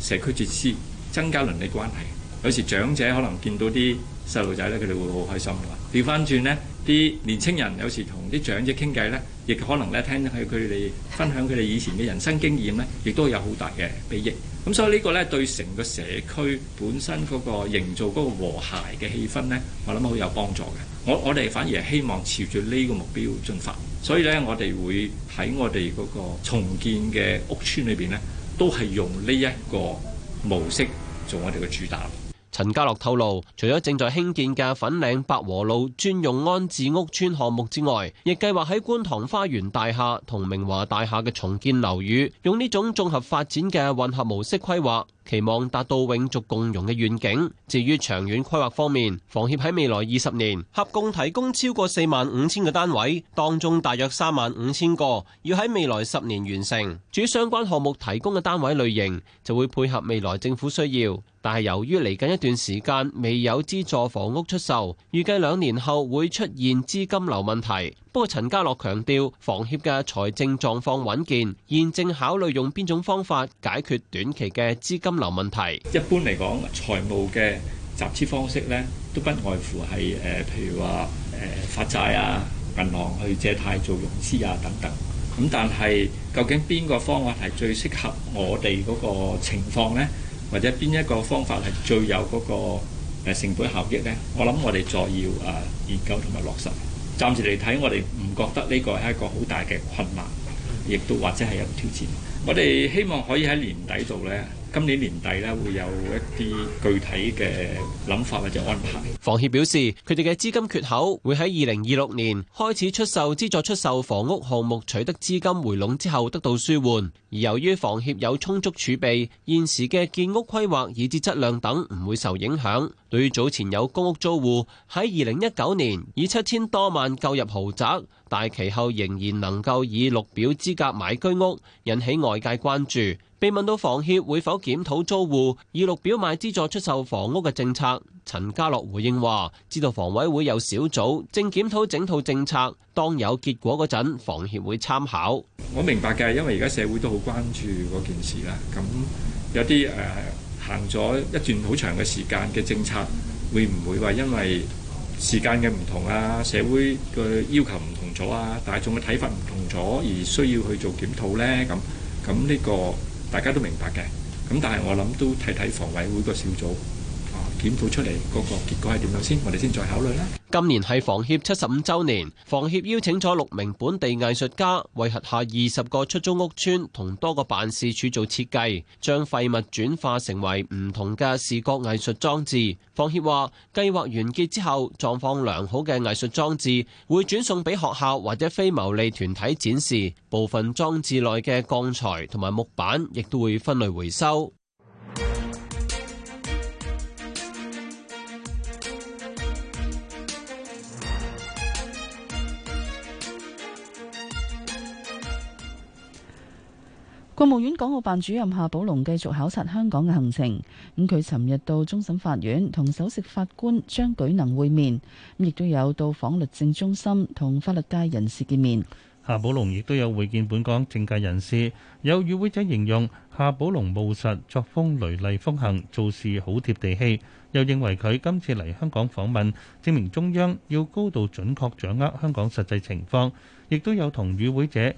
社區設施，增加鄰里關係。有時長者可能見到啲細路仔咧，佢哋會好開心㗎。調翻轉呢啲年青人有時同啲長者傾偈咧，亦可能咧聽係佢哋分享佢哋以前嘅人生經驗咧，亦都有好大嘅裨益。咁所以個呢個咧對成個社區本身嗰個營造嗰個和諧嘅氣氛咧，我諗好有幫助嘅。我我哋反而係希望朝住呢個目標進發，所以咧，我哋會喺我哋嗰個重建嘅屋村裏邊呢，都係用呢一個模式做我哋嘅主打。陳家樂透露，除咗正在興建嘅粉嶺百和路專用安置屋村項目之外，亦計劃喺觀塘花園大廈同明華大廈嘅重建樓宇，用呢種綜合發展嘅混合模式規劃。期望達到永續共融嘅願景。至於長遠規劃方面，房協喺未來二十年合共提供超過四萬五千個單位，當中大約三萬五千個要喺未來十年完成。至於相關項目提供嘅單位類型，就會配合未來政府需要。但係由於嚟緊一段時間未有資助房屋出售，預計兩年後會出現資金流問題。不過陳家樂強調，房協嘅財政狀況穩健，現正考慮用邊種方法解決短期嘅資金流問題。一般嚟講，財務嘅集資方式咧，都不外乎係誒，譬如話誒發債啊，銀行去借貸做融資啊等等。咁但係究竟邊個方法係最適合我哋嗰個情況咧，或者邊一個方法係最有嗰個誒成本效益咧？我諗我哋再要誒研究同埋落實。暫時嚟睇，我哋唔覺得呢個係一個好大嘅困難，亦都或者係有挑戰。我哋希望可以喺年底度咧。今年年底咧，會有一啲具體嘅諗法或者安排。房協表示，佢哋嘅資金缺口會喺二零二六年開始出售資助出售房屋項目，取得資金回籠之後得到舒緩，而由於房協有充足儲備，現時嘅建屋規劃以至質量等唔會受影響，對於早前有公屋租戶喺二零一九年以七千多萬購入豪宅，但其後仍然能夠以綠表資格買居屋，引起外界關注。被問到房協會否檢討租戶以綠表買資助出售房屋嘅政策，陳家樂回應話：「知道房委會有小組正檢討整套政策，當有結果嗰陣，房協會參考。我明白嘅，因為而家社會都好關注嗰件事啦。咁有啲誒、呃、行咗一段好長嘅時間嘅政策，會唔會話因為時間嘅唔同啊，社會嘅要求唔同咗啊，大眾嘅睇法唔同咗，而需要去做檢討呢？咁咁呢個？大家都明白嘅，咁但係我諗都睇睇房委會個小組檢討出嚟嗰個結果係點樣先，我哋先再考慮啦。今年係房協七十五週年，房協邀請咗六名本地藝術家為轄下二十個出租屋邨同多個辦事處做設計，將廢物轉化成為唔同嘅視覺藝術裝置。房協話，計劃完結之後，狀況良好嘅藝術裝置會轉送俾學校或者非牟利團體展示。部分裝置內嘅鋼材同埋木板亦都會分類回收。國務院港澳辦主任夏寶龍繼續考察香港嘅行程。咁佢尋日到終審法院同首席法官張舉能會面，咁亦都有到訪律政中心同法律界人士見面。夏寶龍亦都有會見本港政界人士。有與會者形容夏寶龍務實、作風雷厲風行、做事好貼地氣。又認為佢今次嚟香港訪問，證明中央要高度準確掌握香港實際情況。亦都有同與會者。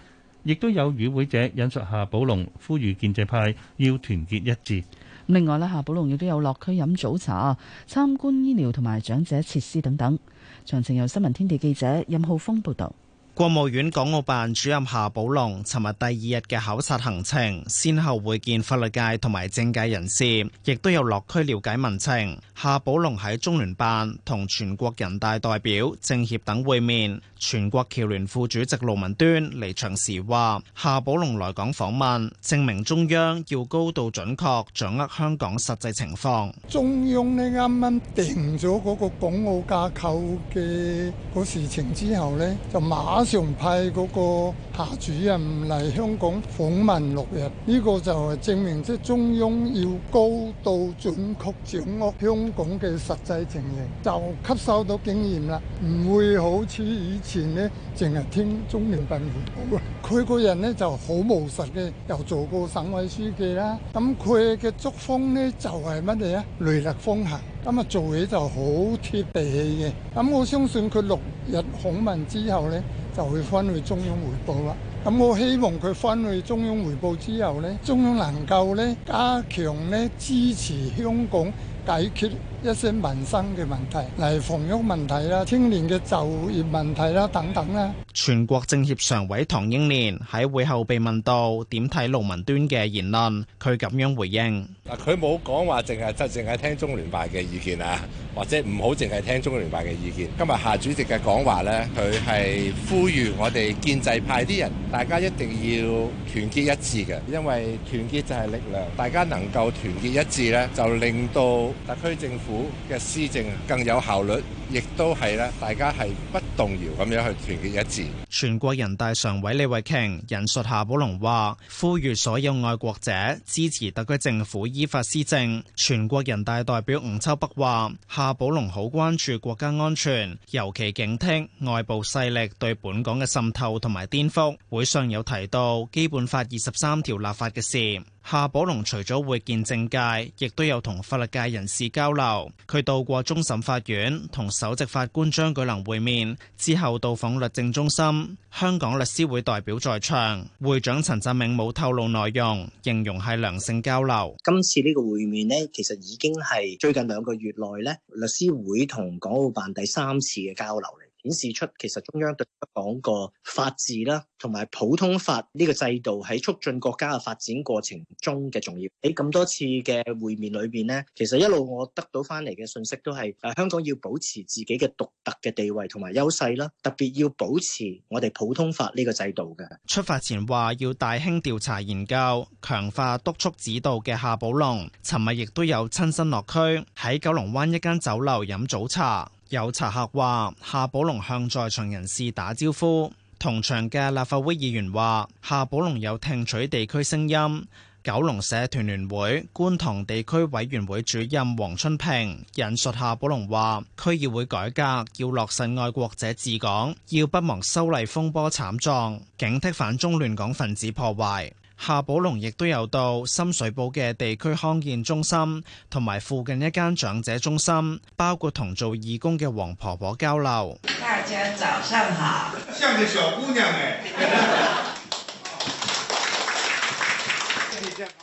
亦都有與會者引述夏寶龍呼籲建制派要團結一致。另外咧，夏寶龍亦都有落區飲早茶、參觀醫療同埋長者設施等等。詳情由新聞天地記者任浩峰報導。國務院港澳辦主任夏寶龍尋日第二日嘅考察行程，先後會見法律界同埋政界人士，亦都有落區了解民情。夏寶龍喺中聯辦同全國人大代表、政協等會面。全國僑聯副主席盧文端離場時話：夏寶龍來港訪問，證明中央要高度準確掌握香港實際情況。中央呢啱啱定咗嗰個港澳架構嘅個事情之後呢，就馬。常派嗰個夏主任嚟香港訪問六日，呢個就係證明即係中央要高度準確掌握香港嘅實際情形，就吸收到經驗啦，唔會好似以前呢，淨係聽中央政府講。佢個人呢就好務實嘅，又做過省委書記啦，咁佢嘅作風呢就係乜嘢啊？雷厲風行。咁啊、嗯，做嘢就好貼地氣嘅。咁、嗯、我相信佢六日恐問之後呢，就會返去中央彙報啦。咁、嗯、我希望佢返去中央彙報之後呢，中央能夠呢加強呢支持香港解決。一些民生嘅問題，例如房屋問題啦、青年嘅就業問題啦等等啦。全國政協常委唐英年喺會後被問到點睇盧文端嘅言論，佢咁樣回應嗱，佢冇講話凈係就凈係聽中聯辦嘅意見啊，或者唔好凈係聽中聯辦嘅意見，今日夏主席嘅講話咧，佢係呼籲我哋建制派啲人，大家一定要團結一致嘅，因為團結就係力量。大家能夠團結一致咧，就令到特區政府，嘅施政更有效率，亦都係咧，大家係不動搖咁樣去團結一致。全國人大常委李慧瓊引述夏寶龍話，呼籲所有愛國者支持特區政府依法施政。全國人大代表吳秋北話，夏寶龍好關注國家安全，尤其警惕外部勢力對本港嘅滲透同埋顛覆。會上有提到《基本法》二十三條立法嘅事。夏寶龍除咗會見政界，亦都有同法律界人士交流。佢到過終審法院，同首席法官張舉能會面之後，到訪律政中心，香港律師會代表在場，會長陳振明冇透露內容，形容係良性交流。今次呢個會面咧，其實已經係最近兩個月內咧，律師會同港澳辦第三次嘅交流。顯示出其實中央對香港個法治啦，同埋普通法呢個制度喺促進國家嘅發展過程中嘅重要。喺咁多次嘅會面裏面呢，其實一路我得到翻嚟嘅信息都係，誒香港要保持自己嘅獨特嘅地位同埋優勢啦，特別要保持我哋普通法呢個制度嘅。出發前話要大興調查研究、強化督促指導嘅夏寶龍，尋日亦都有親身落區喺九龍灣一間酒樓飲早茶。有茶客話，夏寶龍向在場人士打招呼，同場嘅立法會議員話，夏寶龍有聽取地區聲音。九龍社團聯會觀塘地區委員會主任黃春平引述夏寶龍話：區議會改革要落實愛國者治港，要不忘修例風波慘狀，警惕反中亂港分子破壞。夏寶龍亦都有到深水埗嘅地區康健中心同埋附近一間長者中心，包括同做義工嘅黃婆婆交流。大家早上好，像個小姑娘。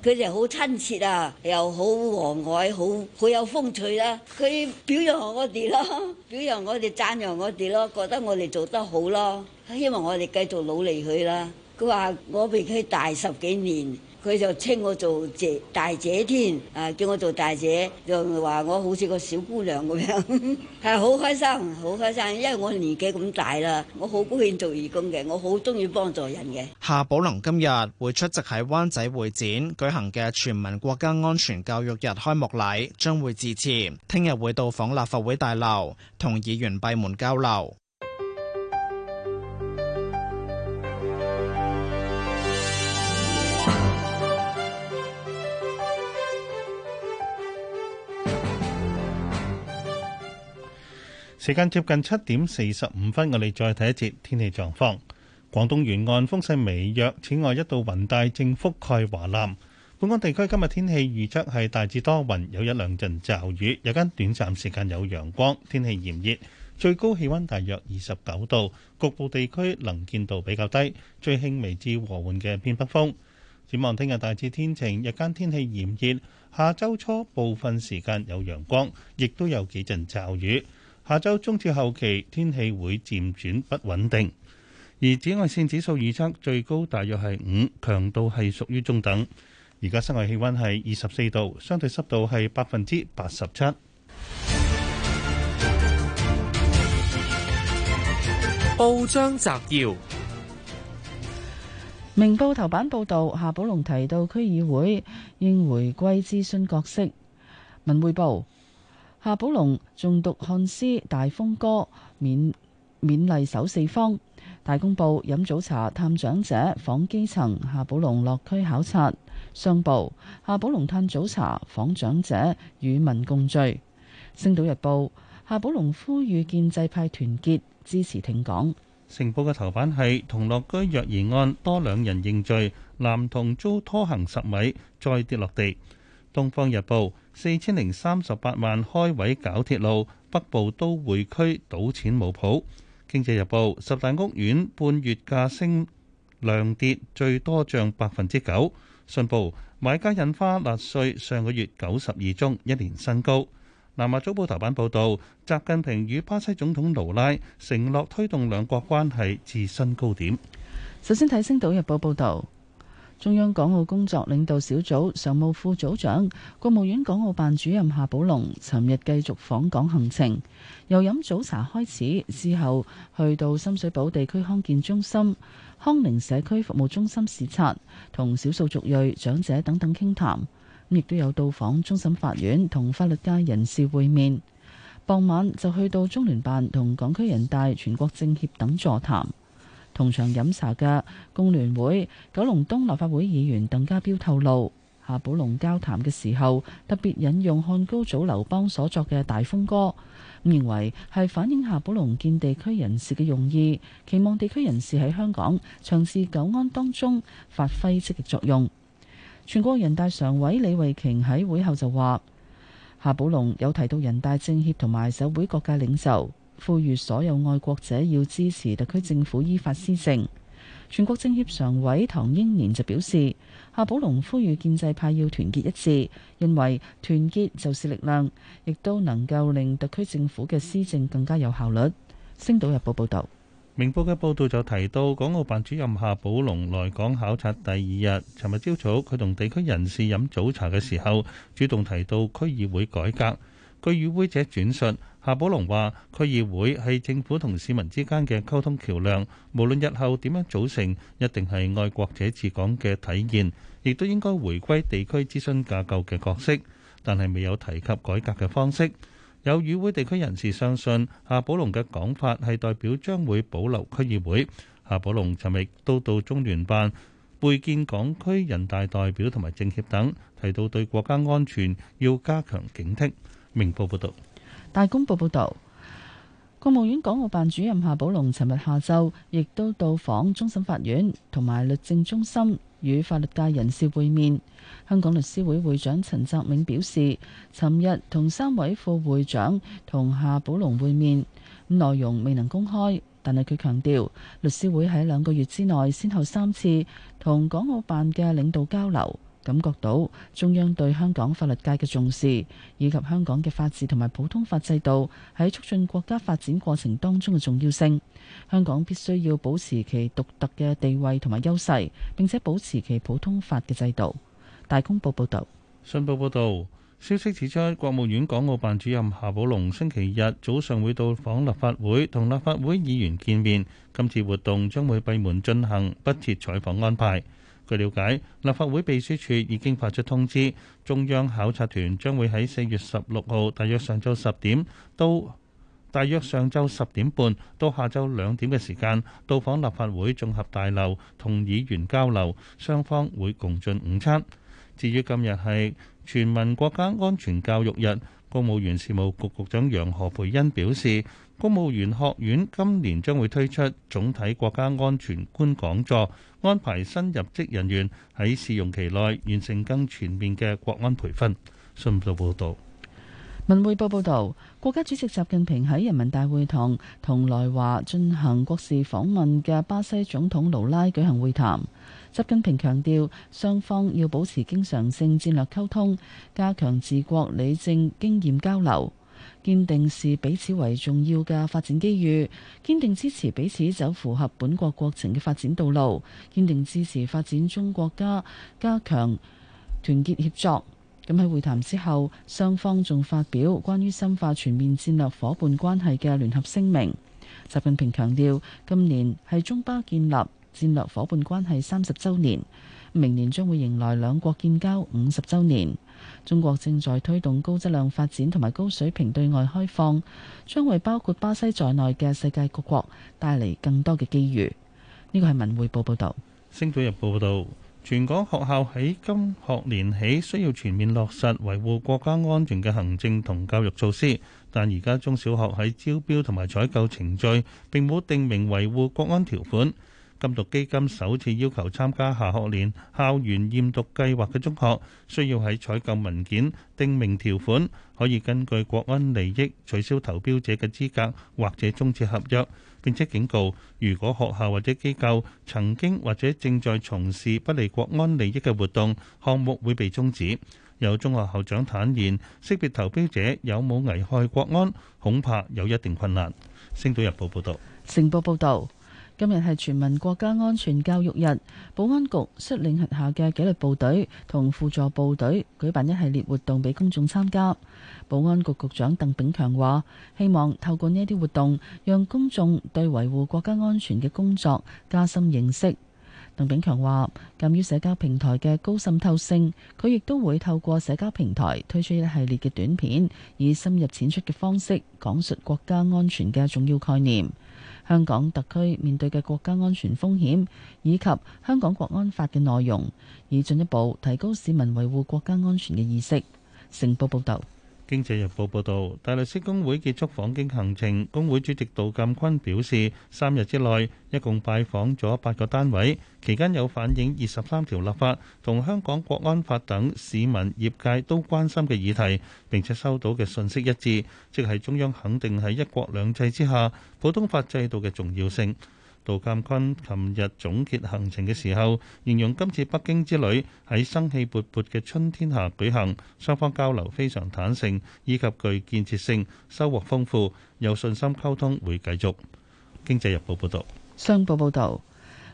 佢哋好親切啊，又好和藹，好好有風趣啦。佢表揚我哋咯，表揚我哋讚揚我哋咯，覺得我哋做得好咯，希望我哋繼續努力佢啦。佢話我比佢大十幾年，佢就稱我做姐大姐添，啊叫我做大姐，就話我好似個小姑娘咁樣，係 好開心，好開心，因為我年紀咁大啦，我好高興做義工嘅，我好中意幫助人嘅。夏寶龍今日會出席喺灣仔會展舉行嘅全民國家安全教育日開幕禮，將會致辭。聽日會到訪立法會大樓，同議員閉門交流。時間接近七點四十五分，我哋再睇一節天氣狀況。廣東沿岸風勢微弱，此外一道雲帶正覆蓋華南本港地區。今日天，天氣預測係大致多雲，有一兩陣驟雨，日間短暫時間有陽光，天氣炎熱，最高氣温大約二十九度，局部地區能見度比較低，吹輕微至和緩嘅偏北風。展望聽日大致天晴，日間天氣炎熱，下周初部分時間有陽光，亦都有幾陣驟雨。下周中至後期天氣會漸轉不穩定，而紫外線指數預測最高大約係五，強度係屬於中等。而家室外氣溫係二十四度，相對濕度係百分之八十七。報章摘要：明報頭版報道，夏寶龍提到區議會應回歸諮詢角色。文匯報。夏寶龍重讀漢詩《大風歌》勉，勉勉勵守四方。大公報飲早茶探長者，訪基層。夏寶龍落區考察。商報夏寶龍探早茶，訪長者，與民共聚。星島日報夏寶龍呼籲建制派團結，支持挺港。《城報》嘅頭版係同樂居虐疑案，多兩人認罪。男童遭拖行十米，再跌落地。《東方日報》四千零三十八萬開位搞鐵路，北部都會區賭錢冇譜。《經濟日報》十大屋苑半月價升量跌，最多漲百分之九。《信報》買家印花納稅上個月九十二宗，一年新高。南華早報頭版報道：習近平與巴西總統盧拉承諾推動兩國關係至新高點。首先睇《星島日報》報導。中央港澳工作領導小組常務副組長、國務院港澳辦主任夏寶龍尋日繼續訪港行程，由飲早茶開始，之後去到深水埗地區康健中心、康寧社區服務中心視察，同少數族裔長者等等傾談，亦都有到訪終審法院同法律界人士會面，傍晚就去到中聯辦同港區人大、全國政協等座談。同場飲茶嘅工聯會九龍東立法會議員鄧家彪透露，夏寶龍交談嘅時候特別引用漢高祖劉邦所作嘅《大風歌》，咁認為係反映夏寶龍見地區人士嘅用意，期望地區人士喺香港長治久安當中發揮積極作用。全國人大常委李慧瓊喺會後就話，夏寶龍有提到人大政協同埋社會各界領袖。呼籲所有愛國者要支持特區政府依法施政。全國政協常委唐英年就表示，夏寶龍呼籲建制派要團結一致，認為團結就是力量，亦都能夠令特區政府嘅施政更加有效率。星島日報報道：「明報嘅報導就提到，港澳辦主任夏寶龍來港考察第二日，尋日朝早佢同地區人士飲早茶嘅時候，主動提到區議會改革。據與會者轉述。夏寶龍話：區議會係政府同市民之間嘅溝通橋樑，無論日後點樣組成，一定係愛國者治港嘅體現，亦都應該回歸地區諮詢架構嘅角色。但係未有提及改革嘅方式。有與會地區人士相信夏寶龍嘅講法係代表將會保留區議會。夏寶龍尋日都到中聯辦會見港區人大代表同埋政協等，提到對國家安全要加強警惕。明報報導。大公報報道，國務院港澳辦主任夏寶龍尋日下晝亦都到訪終審法院同埋律政中心，與法律界人士會面。香港律師會會長陳澤銘表示，尋日同三位副會長同夏寶龍會面，內容未能公開，但係佢強調，律師會喺兩個月之內先後三次同港澳辦嘅領導交流，感覺到中央對香港法律界嘅重視，以及香港嘅法治同埋普通法制度喺促進國家發展過程當中嘅重要性。香港必須要保持其獨特嘅地位同埋優勢，並且保持其普通法嘅制度。大公報報道，信報報道，消息指出，國務院港澳辦主任夏寶龍星期日早上會到訪立法會，同立法會議員見面。今次活動將會閉門進行，不設採訪安排。據了解，立法會秘書處已經發出通知，中央考察團將會喺四月十六號，大約上晝十點到大約上晝十點半到下晝兩點嘅時間到訪立法會綜合大樓，同議員交流，雙方會共進午餐。至於今日係全民國家安全教育日，公務員事務局局長楊何培恩表示，公務員學院今年將會推出總體國家安全觀講座。安排新入職人員喺試用期內完成更全面嘅國安培訓。信報報道，文匯報報道，國家主席習近平喺人民大會堂同來華進行國事訪問嘅巴西總統盧拉舉行會談。習近平強調，雙方要保持經常性戰略溝通，加強治國理政經驗交流。堅定視彼此為重要嘅發展機遇，堅定支持彼此走符合本國國情嘅發展道路，堅定支持發展中國家加強團結協作。咁喺會談之後，雙方仲發表關於深化全面戰略伙伴關係嘅聯合聲明。習近平強調，今年係中巴建立戰略伙伴關係三十週年，明年將會迎來兩國建交五十週年。中國正在推動高質量發展同埋高水平對外開放，將為包括巴西在內嘅世界各國帶嚟更多嘅機遇。呢、這個係文匯報報道。星島日報報道，全港學校喺今學年起需要全面落實維護國家安全嘅行政同教育措施，但而家中小學喺招標同埋採購程序，並冇定名維護國安條款。禁毒基金首次要求參加下學年校園驗毒計劃嘅中學，需要喺採購文件定明條款，可以根據國安利益取消投標者嘅資格，或者終止合約，並且警告，如果學校或者機構曾經或者正在從事不利國安利益嘅活動，項目會被終止。有中學校長坦言，識別投標者有冇危害國安，恐怕有一定困難。星島日報報導，成報報導。今日係全民國家安全教育日，保安局率領轄下嘅紀律部隊同輔助部隊舉辦一系列活動俾公眾參加。保安局局長鄧炳強話：希望透過呢一啲活動，讓公眾對維護國家安全嘅工作加深認識。鄧炳強話：鑑於社交平台嘅高滲透性，佢亦都會透過社交平台推出一系列嘅短片，以深入淺出嘅方式講述國家安全嘅重要概念。香港特區面對嘅國家安全風險，以及香港國安法嘅內容，以進一步提高市民維護國家安全嘅意識。成報報道。《經濟日報》報導，大律師公會結束訪京行程，公會主席杜鑑坤表示，三日之內一共拜訪咗八個單位，期間有反映二十三條立法同香港國安法等市民業界都關心嘅議題，並且收到嘅信息一致，即係中央肯定喺一國兩制之下普通法制度嘅重要性。杜鑑坤琴日總結行程嘅時候，形容今次北京之旅喺生氣勃勃嘅春天下舉行，雙方交流非常坦誠以及具建設性，收穫豐富，有信心溝通會繼續。經濟日報報道，商報報道，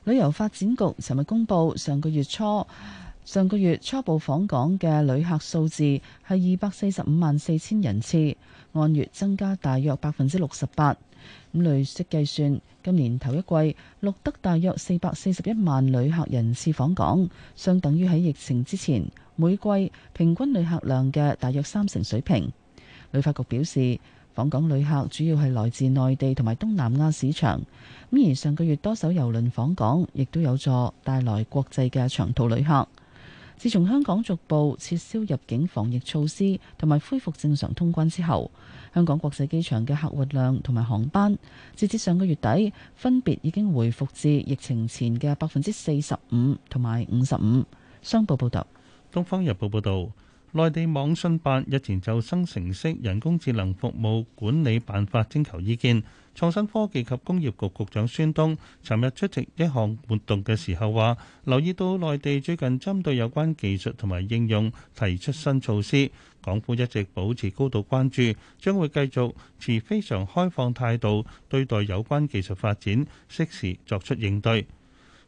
旅遊發展局尋日公布上個月初上個月初步訪港嘅旅客數字係二百四十五萬四千人次。按月增加大約百分之六十八，咁累積計算，今年頭一季錄得大約四百四十一萬旅客人次訪港，相等於喺疫情之前每季平均旅客量嘅大約三成水平。旅發局表示，訪港旅客主要係來自內地同埋東南亞市場，咁而上個月多艘郵輪訪港，亦都有助帶來國際嘅長途旅客。自從香港逐步撤銷入境防疫措施同埋恢復正常通關之後，香港國際機場嘅客運量同埋航班，截至上個月底，分別已經回復至疫情前嘅百分之四十五同埋五十五。商報報導，東方日報報導，內地網信辦日前就生成式人工智能服務管理辦法徵求意見。創新科技及工業局局長孫東尋日出席一項活動嘅時候話：留意到內地最近針對有關技術同埋應用提出新措施，港府一直保持高度關注，將會繼續持非常開放態度對待有關技術發展，適時作出應對。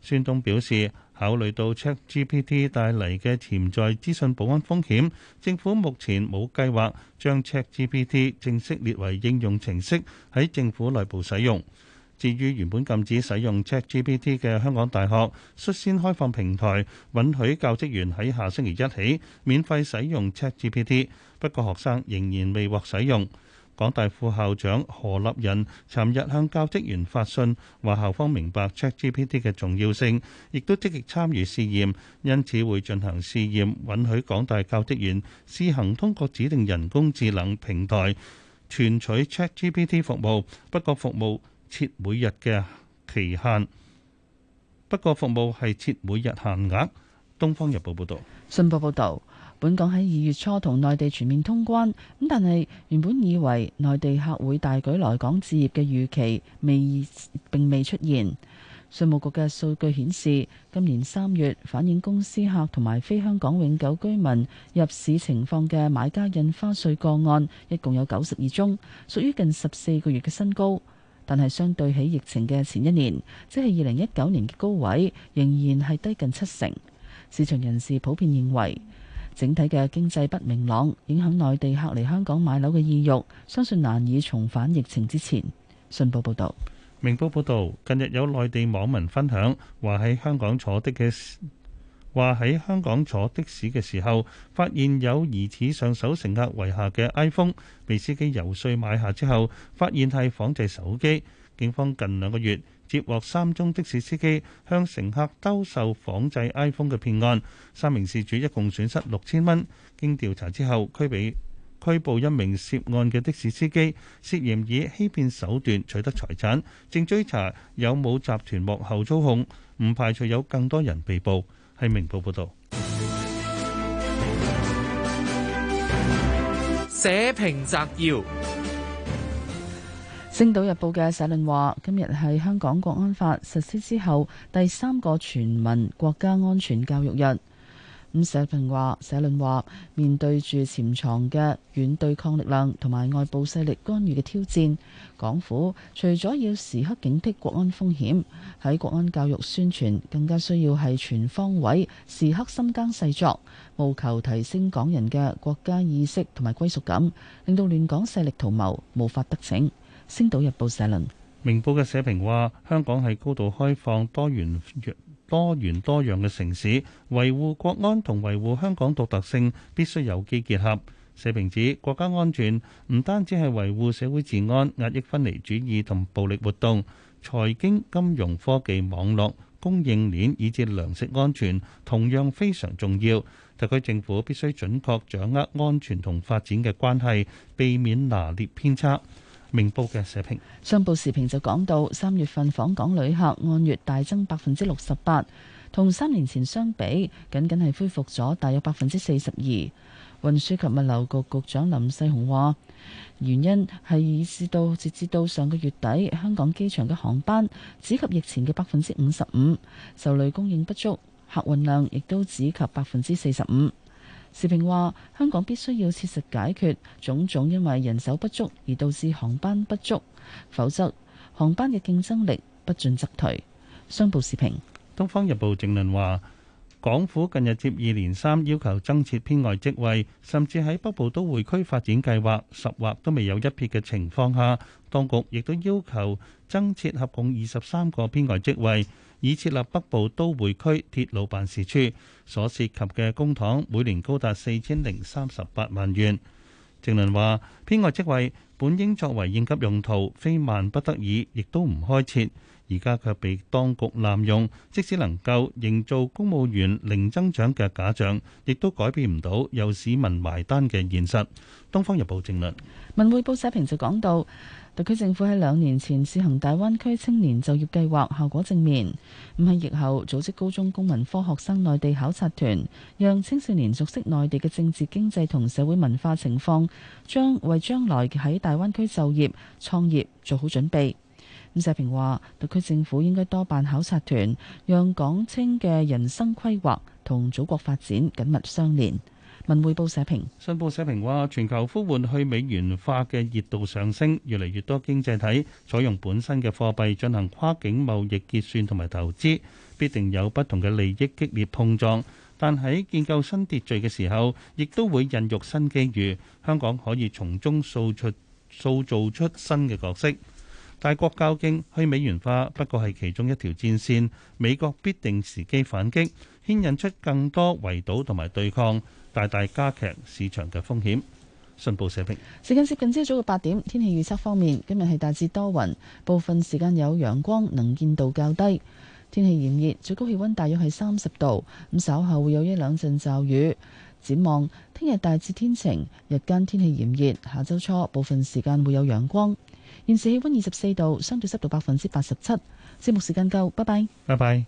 孫東表示，考慮到 ChatGPT 帶嚟嘅潛在資訊保安風險，政府目前冇計劃將 ChatGPT 正式列為應用程式喺政府內部使用。至於原本禁止使用 ChatGPT 嘅香港大學，率先開放平台，允許教職員喺下星期一起免費使用 ChatGPT，不過學生仍然未獲使用。港大副校長何立仁尋日向教職員發信，話校方明白 ChatGPT 嘅重要性，亦都積極參與試驗，因此會進行試驗，允許港大教職員試行通過指定人工智能平台，存取 ChatGPT 服務。不過服務設每日嘅期限，不過服務係設每日限額。東方日報報導，信報報導。本港喺二月初同內地全面通關，咁，但係原本以為內地客會大舉來港置業嘅預期未並未出現。稅務局嘅數據顯示，今年三月反映公司客同埋非香港永久居民入市情況嘅買家印花稅個案，一共有九十二宗，屬於近十四個月嘅新高。但係相對起疫情嘅前一年，即係二零一九年嘅高位，仍然係低近七成。市場人士普遍認為。整體嘅經濟不明朗，影響內地客嚟香港買樓嘅意欲，相信難以重返疫情之前。信報報道，明報報道，近日有內地網民分享話喺香港坐的嘅話喺香港坐的士嘅時候，發現有疑似上手乘客遺下嘅 iPhone，被司機游說買下之後，發現係仿製手機。警方近兩個月。接獲三宗的士司機向乘客兜售仿製 iPhone 嘅騙案，三名事主一共損失六千蚊。經調查之後，拘捕拘捕一名涉案嘅的士司機，涉嫌以欺騙手段取得財產，正追查有冇集團幕後操控，唔排除有更多人被捕。係明報報道，社評摘要。《星島日報》嘅社論話：今日係香港國安法實施之後第三個全民國家安全教育日。咁社評話，社論話，面對住潛藏嘅軟對抗力量同埋外部勢力干預嘅挑戰，港府除咗要時刻警惕國安風險，喺國安教育宣傳更加需要係全方位、時刻深耕細作，務求提升港人嘅國家意識同埋歸屬感，令到亂港勢力圖謀無法得逞。《星島日報》社論，《明報》嘅社評話：香港係高度開放、多元、多元多樣嘅城市，維護國安同維護香港獨特性必須有機結合。社評指國家安全唔單止係維護社會治安、壓抑分離主義同暴力活動，財經、金融、科技、網絡、供應鏈以至糧食安全同樣非常重要。特區政府必須準確掌握安全同發展嘅關係，避免拿捏偏差。明報嘅社評。商報時評就講到，三月份訪港旅客按月大增百分之六十八，同三年前相比，僅僅係恢復咗大約百分之四十二。運輸及物流局局長林世雄話，原因係以至到截至到上個月底，香港機場嘅航班只及疫前嘅百分之五十五，受累供應不足，客運量亦都只及百分之四十五。時評話：香港必須要切實解決種種因為人手不足而導致航班不足，否則航班嘅競爭力不進則退。商報時評，《東方日報》正論話：港府近日接二連三要求增設編外職位，甚至喺北部都會區發展計劃十劃都未有一撇嘅情況下，當局亦都要求增設合共二十三個編外職位。以設立北部都會區鐵路辦事處所涉及嘅公帑，每年高達四千零三十八萬元。正論話，編外職位本應作為應急用途，非萬不得已，亦都唔開設。而家卻被當局濫用，即使能夠營造公務員零增長嘅假象，亦都改變唔到由市民埋單嘅現實。《東方日報》正論，《文匯報》社評就講到。特區政府喺兩年前試行大灣區青年就業計劃，效果正面。唔係疫後組織高中公民科學生內地考察團，讓青少年熟悉內地嘅政治經濟同社會文化情況，將為將來喺大灣區就業創業做好準備。伍世平話：特區政府應該多辦考察團，讓港青嘅人生規劃同祖國發展緊密相連。文匯報社評，信報社評話：全球呼喚去美元化嘅熱度上升，越嚟越多經濟體採用本身嘅貨幣進行跨境貿易結算同埋投資，必定有不同嘅利益激烈碰撞。但喺建構新秩序嘅時候，亦都會孕育新機遇。香港可以從中塑出、塑造出新嘅角色。大國交經去美元化，不過係其中一條戰線，美國必定時機反擊，牽引出更多圍堵同埋對抗。大大加劇市場嘅風險。信報社評。時間接近朝早嘅八點，天氣預測方面，今日係大致多雲，部分時間有陽光，能見度較低，天氣炎熱，最高氣温大約係三十度。咁稍後會有一兩陣驟雨。展望聽日大致天晴，日間天氣炎熱。下周初部分時間會有陽光。現時氣温二十四度，相對濕度百分之八十七。節目時間夠，拜拜。拜拜。